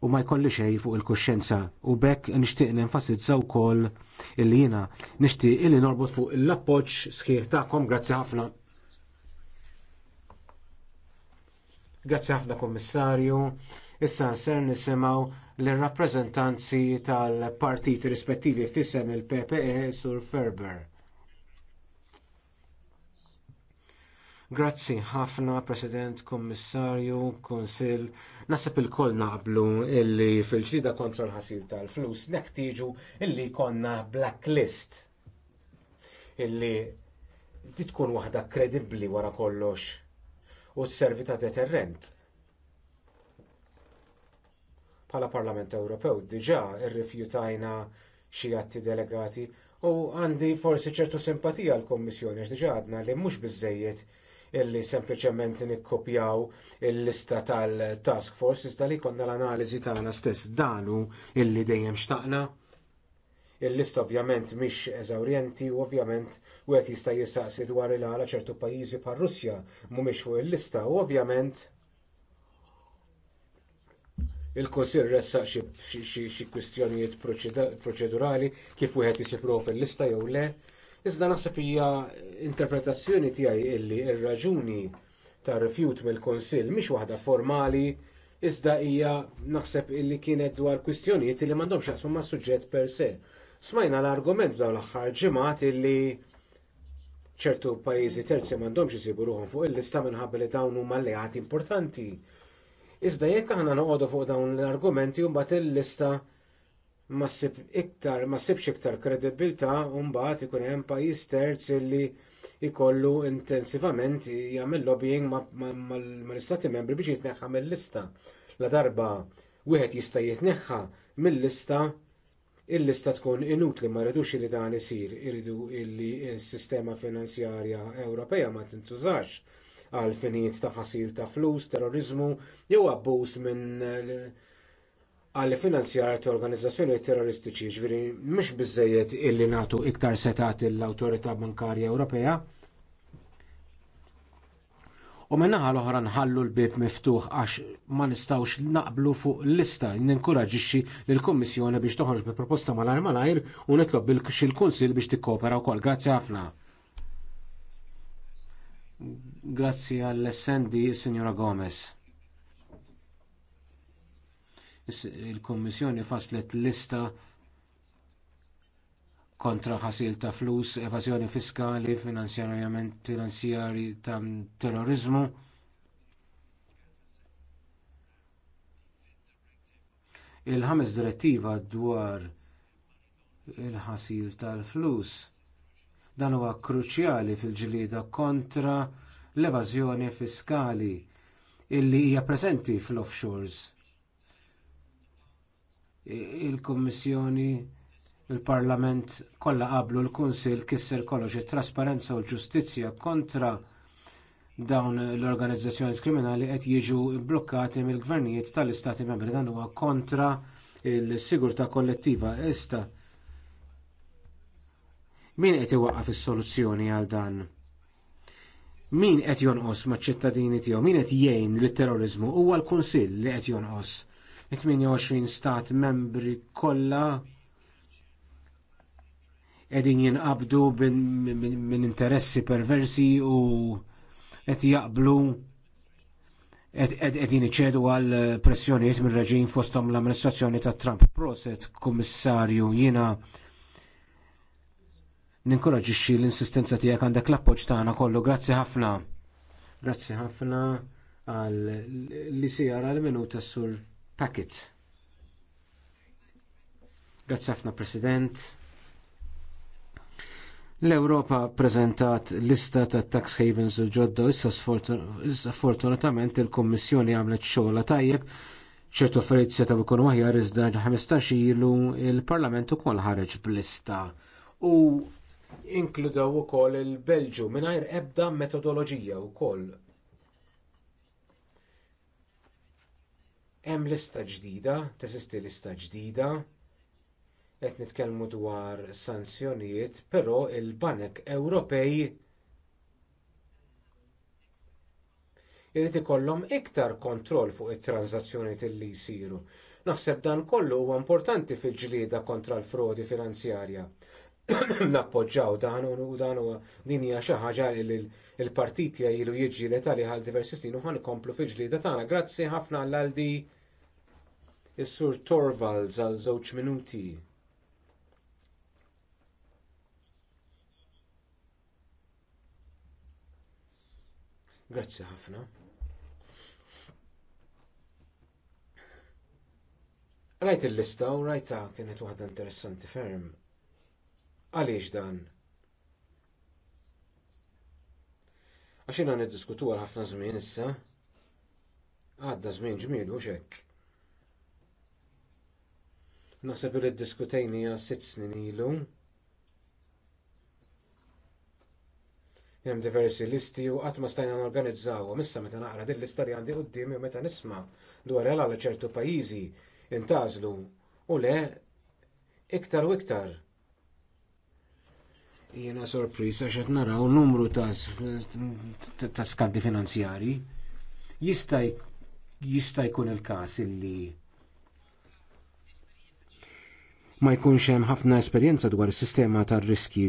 u ma jkolli xej fuq il-kuxjenza u bekk nixtieq nenfasizza wkoll illi jiena nixtieq illi norbot fuq l-appoġġ sħiħ tagħkom grazzi ħafna. Grazzi ħafna Kummissarju. Issa ser nisimgħu l rappresentanzi tal-partiti rispettivi f'isem il-PPE sur Ferber. Grazzi ħafna President, Kummissarju, Kunsill Nasib il-koll naqblu illi fil-ġrida kontra l-ħasil tal-flus nektiġu illi konna blacklist illi titkun tkun waħda kredibbli wara kollox u t-servi ta' deterrent. Bħala Parlament Ewropew diġà rrifjutajna xi atti delegati u għandi forsi ċertu simpatija għall kummissjoni għax diġà għadna li mhux biżżejjed illi sempliċement nikkopjaw il-lista tal-task force, iżda li konna l-analiżi tagħna stess danu illi dejjem xtaqna. Il-lista ovvjament mhix eżawrjenti u ovvjament wieħed jista' jistaqsi dwar il għala ċertu pajjiżi bħal Russja mhumiex fuq il-lista u ovvjament il-Kunsill ressaq xi kwistjonijiet proċedurali kif wieħed isiprof il-lista jew le Iżda naħseb hija interpretazzjoni tiegħi illi r raġuni ta' rifjut mill-Kunsill mhix waħda formali iżda hija naħseb illi kienet dwar kwistjonijiet li m'għandhomx jaqsmu mas-suġġett per se. Smajna l-argument dawn l-aħħar ġimgħat illi ċertu pajjiżi terzi m'għandhomx isibu ruħhom fuq il-lista minħabba li dawn huma alleati importanti. Iżda jekk aħna noqogħdu fuq dawn l-argumenti u mbagħad il-lista ma sib iktar ma ssibx iktar kredibilità u mbagħad ikun hemm pajjiż terz li jkollu intensivament jagħmel lobbying mal-istati membri biex jitneħħa mill-lista. La darba wieħed jista' jitneħħa mill-lista il-lista tkun inutli ma rridux li dan isir iridu li s-sistema finanzjarja Ewropea ma tintużax għal finijiet ta' ħasir ta' flus, terrorizmu jew abbuż minn għal finanzjar ta' organizzazzjoni terroristiċi ġviri mhux biżżejjed illi nagħtu iktar setat l-Awtorità Bankarja Ewropea. U min-naħa l-oħra nħallu l-bib miftuħ għax ma nistawx naqblu fuq lista ninkoraġixxi lill kummissjoni biex toħroġ bi proposta malajr malajr u nitlob il-Kunsil biex tikkopera wkoll. Grazzi ħafna. Grazzi għall-essendi, Signora Gomez. Il-Kummissjoni faslet lista kontra ħasil ta' flus, evażjoni fiskali, finanzjarjament finanzjari ta' terrorizmu. Il-ħames direttiva dwar il-ħasil tal-flus dan huwa kruċjali fil-ġlieda kontra l-evażjoni fiskali illi hija preżenti fl-offshores il-Kummissjoni il-Parlament kollha qablu l-Kunsill kisser kollox it-trasparenza u l-ġustizzja kontra dawn l-organizzazzjoni kriminali qed jiġu mblukkati mill-gvernijiet tal-istati membri dan huwa kontra l-sigurtà kollettiva issa. Min qed iwaqqaf is-soluzzjoni għal dan? Min qed jonqos maċ-ċittadini tiegħu, min qed jgħin lit terrorizmu huwa l-Kunsill li qed jonqos. 28 stat membri kollha qegħdin jinqabdu minn interessi perversi u qed jaqblu qegħdin iċedu għal pressjonijiet mir reġim fosthom l-amministrazzjoni ta' Trump. Proset, kummissarju, jiena ninkoraġixxi l-insistenza tiegħek għandek l-appoġġ tagħna kollu. Grazzi ħafna. Grazzi ħafna għal li sejjar għal minuta sur Packet. Grazzi ħafna President. L-Ewropa ppreżentat lista ta' tax havens il ġodda issa sfortunatament il-Kummissjoni għamlet xogħla tajjeb ċertu affarijiet setaw ikunu aħjar iżda 15 ilu il-Parlament ukoll ħareġ b'lista u inkludew ukoll il-Belġu mingħajr ebda metodoloġija wkoll Hemm lista ġdida, teżisti lista ġdida, qed nitkellmu dwar sanzjonijiet, però l banek Ewropej irid ikollhom iktar kontroll fuq it-transazzjonijiet li jsiru. Naħseb dan kollu huwa importanti fil-ġlieda kontra l-frodi finanzjarja. nappoġġaw dan u dan u din hija xi ħaġa li l-partit jgħilu jiġi letali għal diversi snin u ħankomplu fil-ġlieda tagħna. Grazzi ħafna għall għaldi is-sur Torvalds għal żewġ minuti. Grazzi ħafna. Rajt il-lista u rajta kienet waħda interessanti ferm. Għaliex dan? Għax id-diskutu għal ħafna żmien issa, għadda żmien u xek. Naħseb li ddiskutejni għal sitt snin ilu. hemm diversi listi u qatt ma stajna norganizzawhom issa meta naqra din l-lista li għandi qudiemi u meta nisma' dwar għal ċertu pajjiżi intażlu u le iktar u iktar Jena sorpris għax qed naraw numru ta' skandi finanzjari. Jista' jkun il-każ illi ma jkunx hemm ħafna esperjenza dwar is-sistema tar-riski.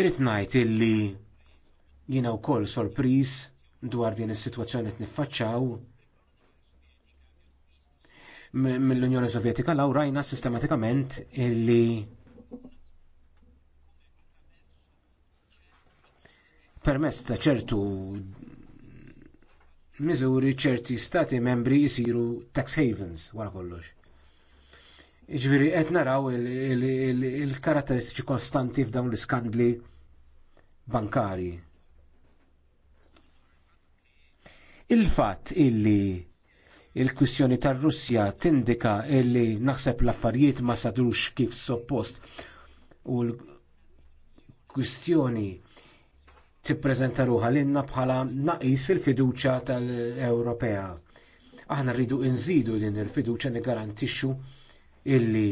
Irrid ngħid illi jiena wkoll sorpriż dwar din is-sitwazzjoni qed niffaċċaw mill-Unjoni Sovjetika law rajna sistematikament illi permezz ta' ċertu miżuri ċerti stati membri jisiru tax havens wara kollox. Iġviri, qed naraw il-karatteristiċi kostanti f'dawn l-iskandli bankari. Il-fatt illi il-kwissjoni tar-Russja tindika illi naħseb l-affarijiet ma sadux kif suppost u l-kwistjoni tippreżenta ruħa lilna bħala naqis fil-fiduċja tal-Ewropea. Aħna rridu nżidu din il-fiduċja niggarantixxu illi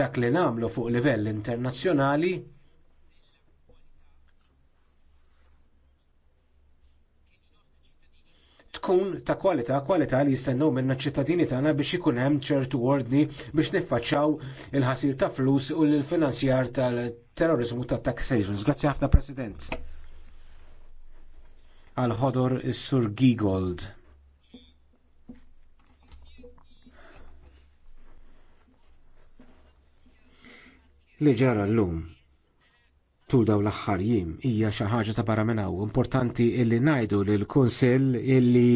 dak li nagħmlu fuq livell internazzjonali tkun ta' kwalità kwalità li jistennew minna ċittadini tagħna biex ikun hemm ċertu ordni biex niffaċċjaw il-ħasir ta' flus u l-finanzjar tal-terrorizmu tat taxations. Grazzi ħafna President għal ħodor is-Sur Giegold. Li ġara llum tul dawn l-aħħar jiem hija xi ħaġa ta' barra minn hawn importanti illi ngħidu lill kunsill illi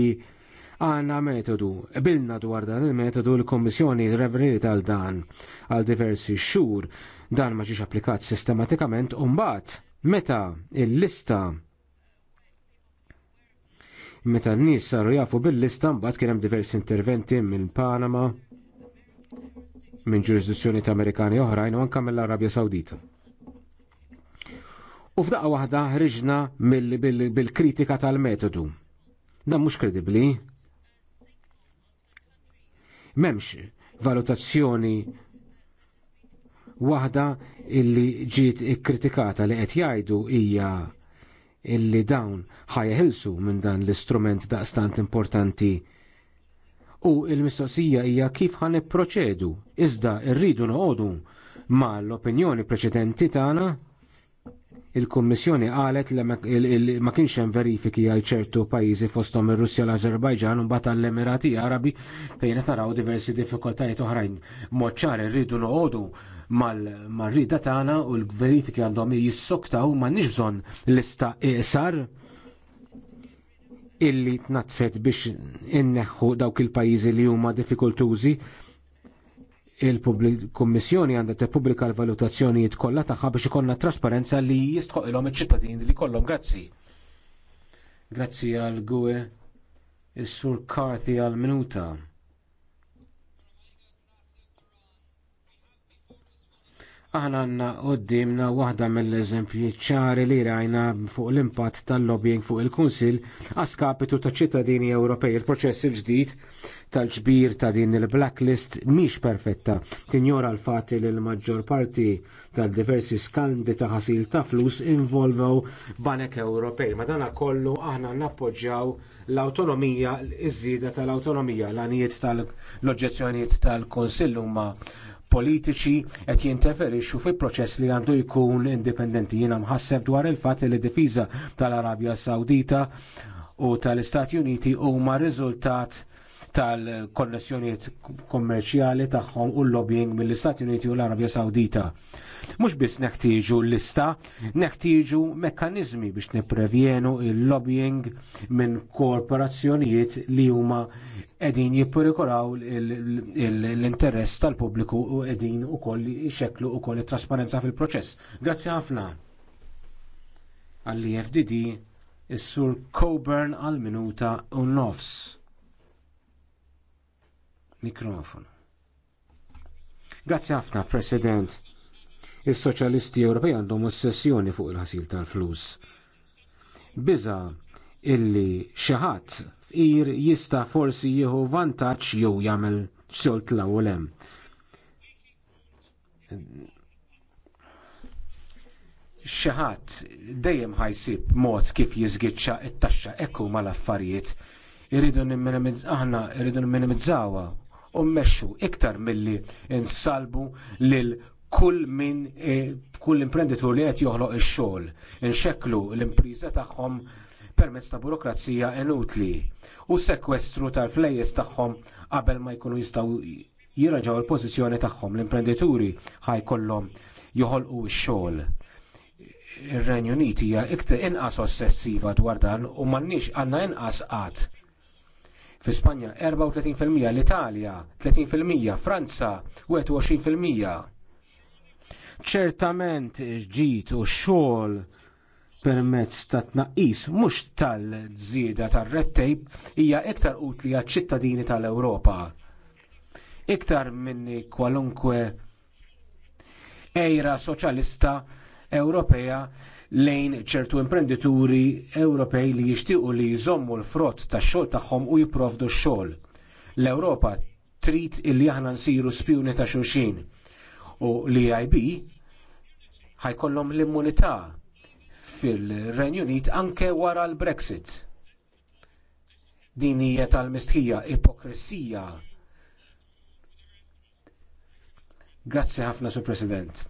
għandna metodu. Bilna dwar dan il-metodu l-Kommissjoni reveriet għal dan għal diversi xhur dan ma ġiex applikat sistematikament u mbagħad meta l lista Meta n-nies saru jafu bil-lista mbagħad kien hemm diversi interventi minn Panama, minn ġurisdizzjoni ta' Amerikani oħrajn u anke mill-Arabja Sawdita. U f'daqqa waħda ħriġna bil-kritika tal-metodu. Dan mhux kredibbli. M'hemmx valutazzjoni waħda illi ġiet ikkritikata li qed jgħidu hija illi dawn ħajħilsu minn dan l-istrument daqstant importanti u l mistoqsija hija kif ħan proċedu iżda rridu noqogħdu ma l-opinjoni preċedenti tagħna il-Kummissjoni qalet li ma kienx hemm verifiki għal ċertu pajjiżi fosthom ir-Russja l-Azerbajġan u mbagħad l-Emirati Arabi fejn qed diversi diffikultajiet oħrajn. Mod ċar irridu noqogħdu mal-rida tagħna u l-verifiki għandhom jissoktaw nix bżonn lista iqsar e illi tnatfet biex inneħħu dawk il-pajjiżi li huma diffikultużi il-Kummissjoni għandha tippubblika l-valutazzjonijiet kollha tagħha biex ikollna trasparenza li jistħoq iċ-ċittadini li kollhom grazzi. Grazzi għal Gwe is-Sur Carthy għal minuta. Aħna għanna għoddimna waħda mill-eżempji ċari li rajna fuq l-impatt tal-lobbying fuq il-Kunsil għaskapitu ta' ċittadini Ewropej. Il-proċess il-ġdid tal-ġbir ta' din il-blacklist miex perfetta. Tinjora l fatti li l-maġġor parti tal-diversi skandi ta' ħasil ta' flus involvew banek Ewropej. Ma dana kollu aħna nappoġġjaw l-autonomija, iż-żieda tal-autonomija, l għanijiet tal-oġġezzjonijiet tal-Kunsill huma politiċi qed jinteferixxu fi proċess li għandu jkun indipendenti. Jiena mħasseb dwar il-fatt li difiża tal-Arabja Sawdita u tal-Istati Uniti huma riżultat tal-konnessjonijiet kommerċjali tagħhom u l-lobbying mill-Istati Uniti u l-Arabja Sawdita. Mhux biss neħtieġu lista, neħtieġu mekkaniżmi biex nipprevjenu il-lobbying minn korporazzjonijiet li huma edin jippurikuraw l-interess tal-pubbliku u edin u koll xeklu u koll trasparenza fil-proċess. Grazzi ħafna. għall FDD, is-sur Coburn għal-minuta u nofs. Mikrofonu. Grazzi ħafna, President. Is-Soċjalisti Ewropej għandhom ossessjoni fuq il-ħasil tal-flus. Biża illi xi ħadd fqir jista' forsi jieħu vantaġġ jew jagħmel xolt l hemm. Xi ħadd dejjem ħajsib mod kif jiżgiċċa t taxxa ekku mal affarijiet Iridu nimminimizz u mmexxu iktar milli insalbu lil kull min eh, kull imprenditur li qed joħloq ix-xogħol. Inxekklu l-impriża tagħhom permezz ta' burokrazija inutli u sekwestru tal-flejjes tagħhom qabel ma jkunu jistgħu jirraġaw il-pożizzjoni tagħhom l-imprenditori ħajkollhom joħolqu x-xogħol. Ir-Renju Unit hija iktar inqas ossessiva dwar dan u m'għandniex għandna inqas qatt Fi Spanja 34%, l-Italja 30%, Franza 21%. Ċertament ġit u xogħol permezz ta' tnaqqis mhux tal-żieda tar-red tape hija iktar utli għaċ-ċittadini tal-Ewropa. Iktar minn kwalunkwe ejra soċjalista Ewropea lejn ċertu imprendituri Ewropej li jixtiequ li jżommu l-frott tax-xogħol tagħhom u jipprovdu x-xogħol. L-Ewropa trid illi aħna nsiru spjuni ta' xulxin u li IB ħajkollhom l-immunità fil-Renju Unit anke wara l-Brexit. Din hija tal-mistħija ipokrisija. Grazzi ħafna, Sur President.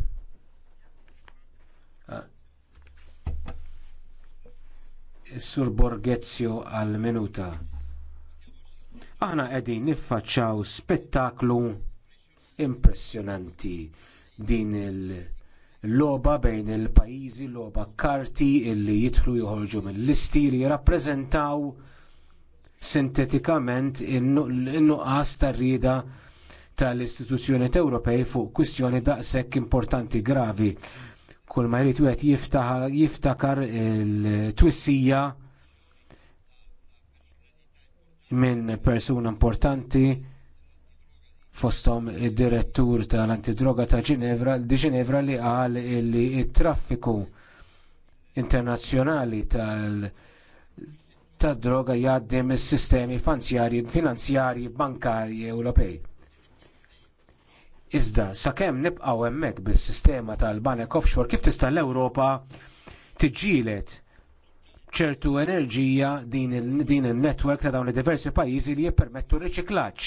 Sur Borghezio għal minuta. Aħna qegħdin niffaċċaw spettaklu impressjonanti din il-loba bejn il-pajjiżi, loba karti illi jidħlu joħorġu mill-listi li jirrappreżentaw sintetikament in-nuqqas tar-rieda tal-istituzzjoni Ewropej fuq kwistjoni daqshekk importanti gravi kull ma jrid wieħed jiftakar il-twissija minn persuna importanti fosthom id-direttur tal-antidroga ta' Ginevra, di Ginevra li qal li t traffiku internazzjonali tal- tad droga jgħaddi mis sistemi finanzjarji bankarji Ewropej. Iżda, sakemm nibqgħu hemmhekk bis-sistema tal-banek offshore, kif tista' l-Ewropa tiġġielet ċertu enerġija din il-netwerk ta' dawn id-diversi pajjiżi li jippermettu riċiklaġġ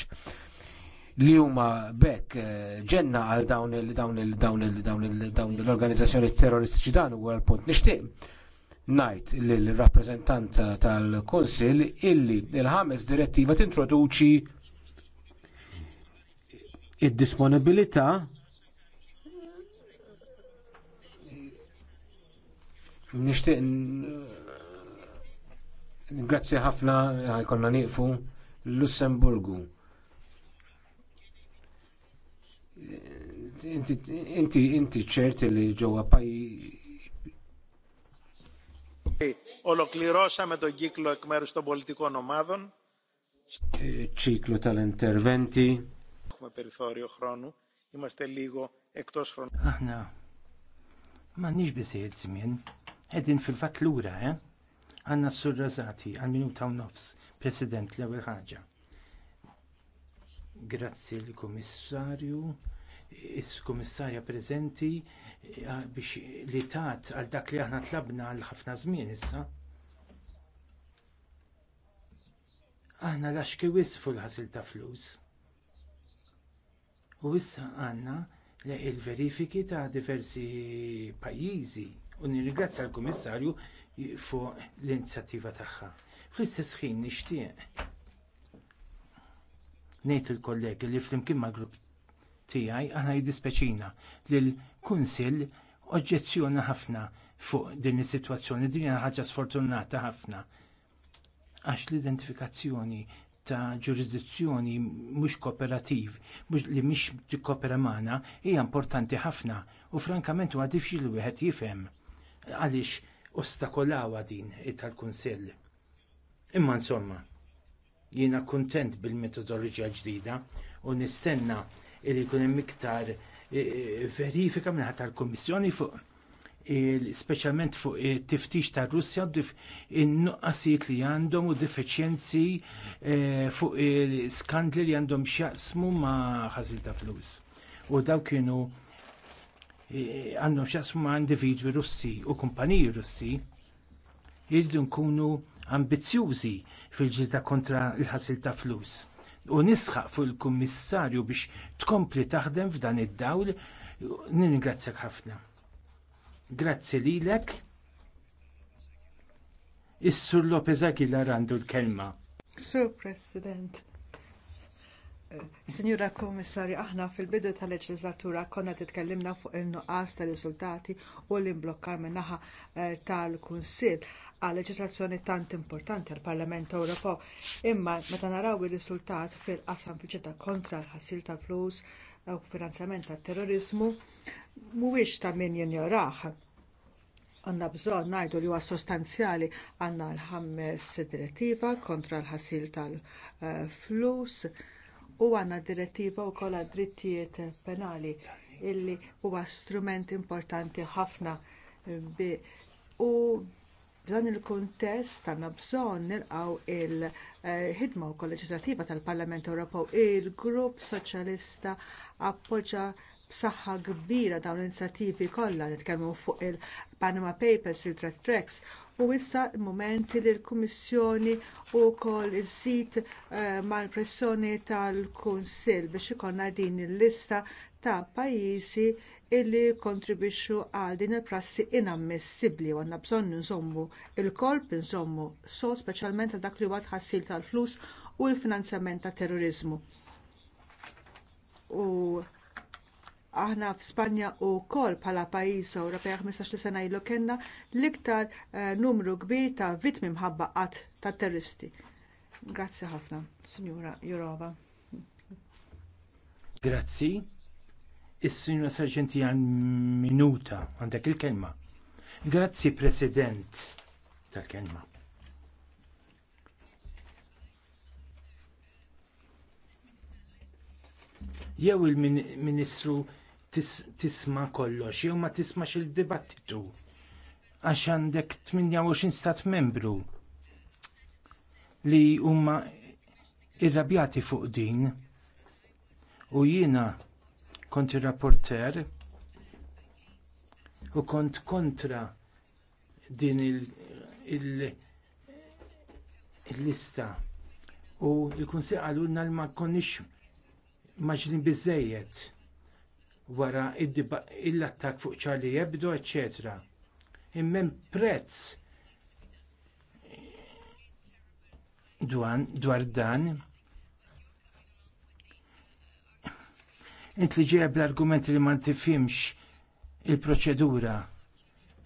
li huma bekk eh, ġenna għal dawn l-organizzazzjoni terroristiċi dan huwa l-punt nixtieq ngħid lill rappreżentanta tal-Kunsill illi l ħames direttiva tintroduċi id-disponibilità nixtieq grazzi ħafna ħajkonna niqfu l Lussemburgu. Inti inti ċerti li ġewwa paj Ολοκληρώσαμε τον κύκλο εκ μέρους των πολιτικών ομάδων. Κύκλο τα interventi έχουμε περιθώριο χρόνου. Είμαστε λίγο εκτός χρόνου. Aħna, ma nix biżejjed żmien. Qegħdin fil-fatt lura, eh? Għandna s-surrażati għal minuta u nofs, President l-ewwel ħaġa. Grazzi l-Kummissarju, is-Kummissarja preżenti biex li tat għal dak li aħna tlabna għal ħafna żmien issa. Aħna laxki wisfu l-ħasil ta' flus. U issa għandna il-verifiki ta' diversi pajjiżi u nirringrazzja l-Kummissarju fuq l-inizjattiva tagħha. Fl-istess ħin nixtieq ngħid il-kollegi li flimkien mal-grupp tiegħi aħna jiddispeċina li l-Kunsill oġġezzjona ħafna fuq din is-sitwazzjoni din hija ħaġa sfortunata ħafna għax l-identifikazzjoni ta' ġurisdizzjoni mhux kooperativ, li mhix tikkopera magħna hija importanti ħafna u frankament huwa diffiċli wieħed jifhem għaliex ostakolawha din tal-Kunsill. Imma insomma, jiena kuntent bil-metodoloġija ġdida u nistenna li jkun hemm iktar eh, verifika minn tal-Kummissjoni fuq speċjalment fuq it-tiftix ta' Russja in-nuqqasijiet li għandhom u defiċjenzi eh, fuq il-skandli li għandhom x'jaqsmu ma' ħażil ta' flus. U daw kienu eh, għandhom x'jaqsmu ma' individwi Russi u kumpaniji Russi jridu nkunu ambizzjużi fil-ġilda kontra l ħasil ta' flus. U nisħaq fuq il-Kummissarju biex tkompli taħdem f'dan id-dawl, ningrazzjak ħafna. Grazzi lilek. Is-Sur Lopez Aguilar għandu l-kelma. Sur President, Signora Komissarju, aħna fil-bidu tal-leġislatura konna titkellimna fuq il-nuqqas ta' riżultati u l-imblokkar min-naħa eh, tal-Kunsill għal leġislazzjoni tant importanti għall parlament Ewropew. Imma meta naraw ir-riżultat fil-qasam fiċeta kontra l-ħassil tal-flus u finanzjament tat-terrorizmu mhuwiex ta' min jinjoraħ għandna bżonn ngħidu li huwa sostanzjali għandna l-ħammes direttiva kontra l-ħasil tal-flus u għandna direttiva wkoll għad drittijiet penali illi huwa strument importanti ħafna u B'dan il-kuntest għandna bżonn nilqgħu il-ħidma wkoll leġislattiva tal-Parlament Ewropew il-Grupp Soċjalista appoġġa b'saħħa kbira dawn l-inizjattivi kollha nitkellmu fuq il-Panama Papers, il-Threat Tracks, u issa l mument li l-Kummissjoni wkoll il-sit eh, mal-pressjoni tal-Kunsill biex ikollna din il-lista ta' pajjiżi illi jikkontribwixxu għal din il-prassi inammissibbli u għandna bżonn nżommu il-kolb nżommu sod speċjalment għal dak li huwa tħassil tal-flus u l-finanzjament tat terrorizmu. U aħna f'Spanja wkoll bħala pajjiż Ewropea 15 sena ilu kellna l-iktar eh, numru kbir ta' vittmi mħabba qatt ta' terroristi. Grazzi ħafna, Signora Jurova. Grazzi. Is-Sinjura Sarġenti għal minuta għandek il-kelma. Grazzi President tal-kelma. Jew il-Ministru -min tisma kollox, jew ma tismax il-dibattitu. Għax għandek 28 stat membru li huma irrabjati fuq din u jiena kont ir-rapporter u kont kontra din il-lista u l-kunsi għalunna l-ma konniex maġlin bizzejiet wara l-attak fuq Charlie Hebdo, etc. Immen prezz dwar dan int li ġeb l-argument li ma tifimx il-proċedura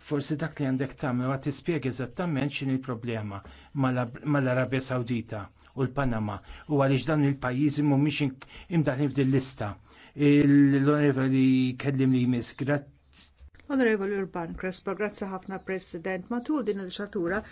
forsi dak li għandek tagħmel ma tispjega eżattament x'inhi l-problema mal-Arabja Sawdita u l-Panama u għaliex dan il-pajjiżi mhumiex imdaħlin f'din lista l-onorevoli kellim li jmiss. Onorevoli Urban Crespo, grazzi ħafna President. Matul din il-ċatura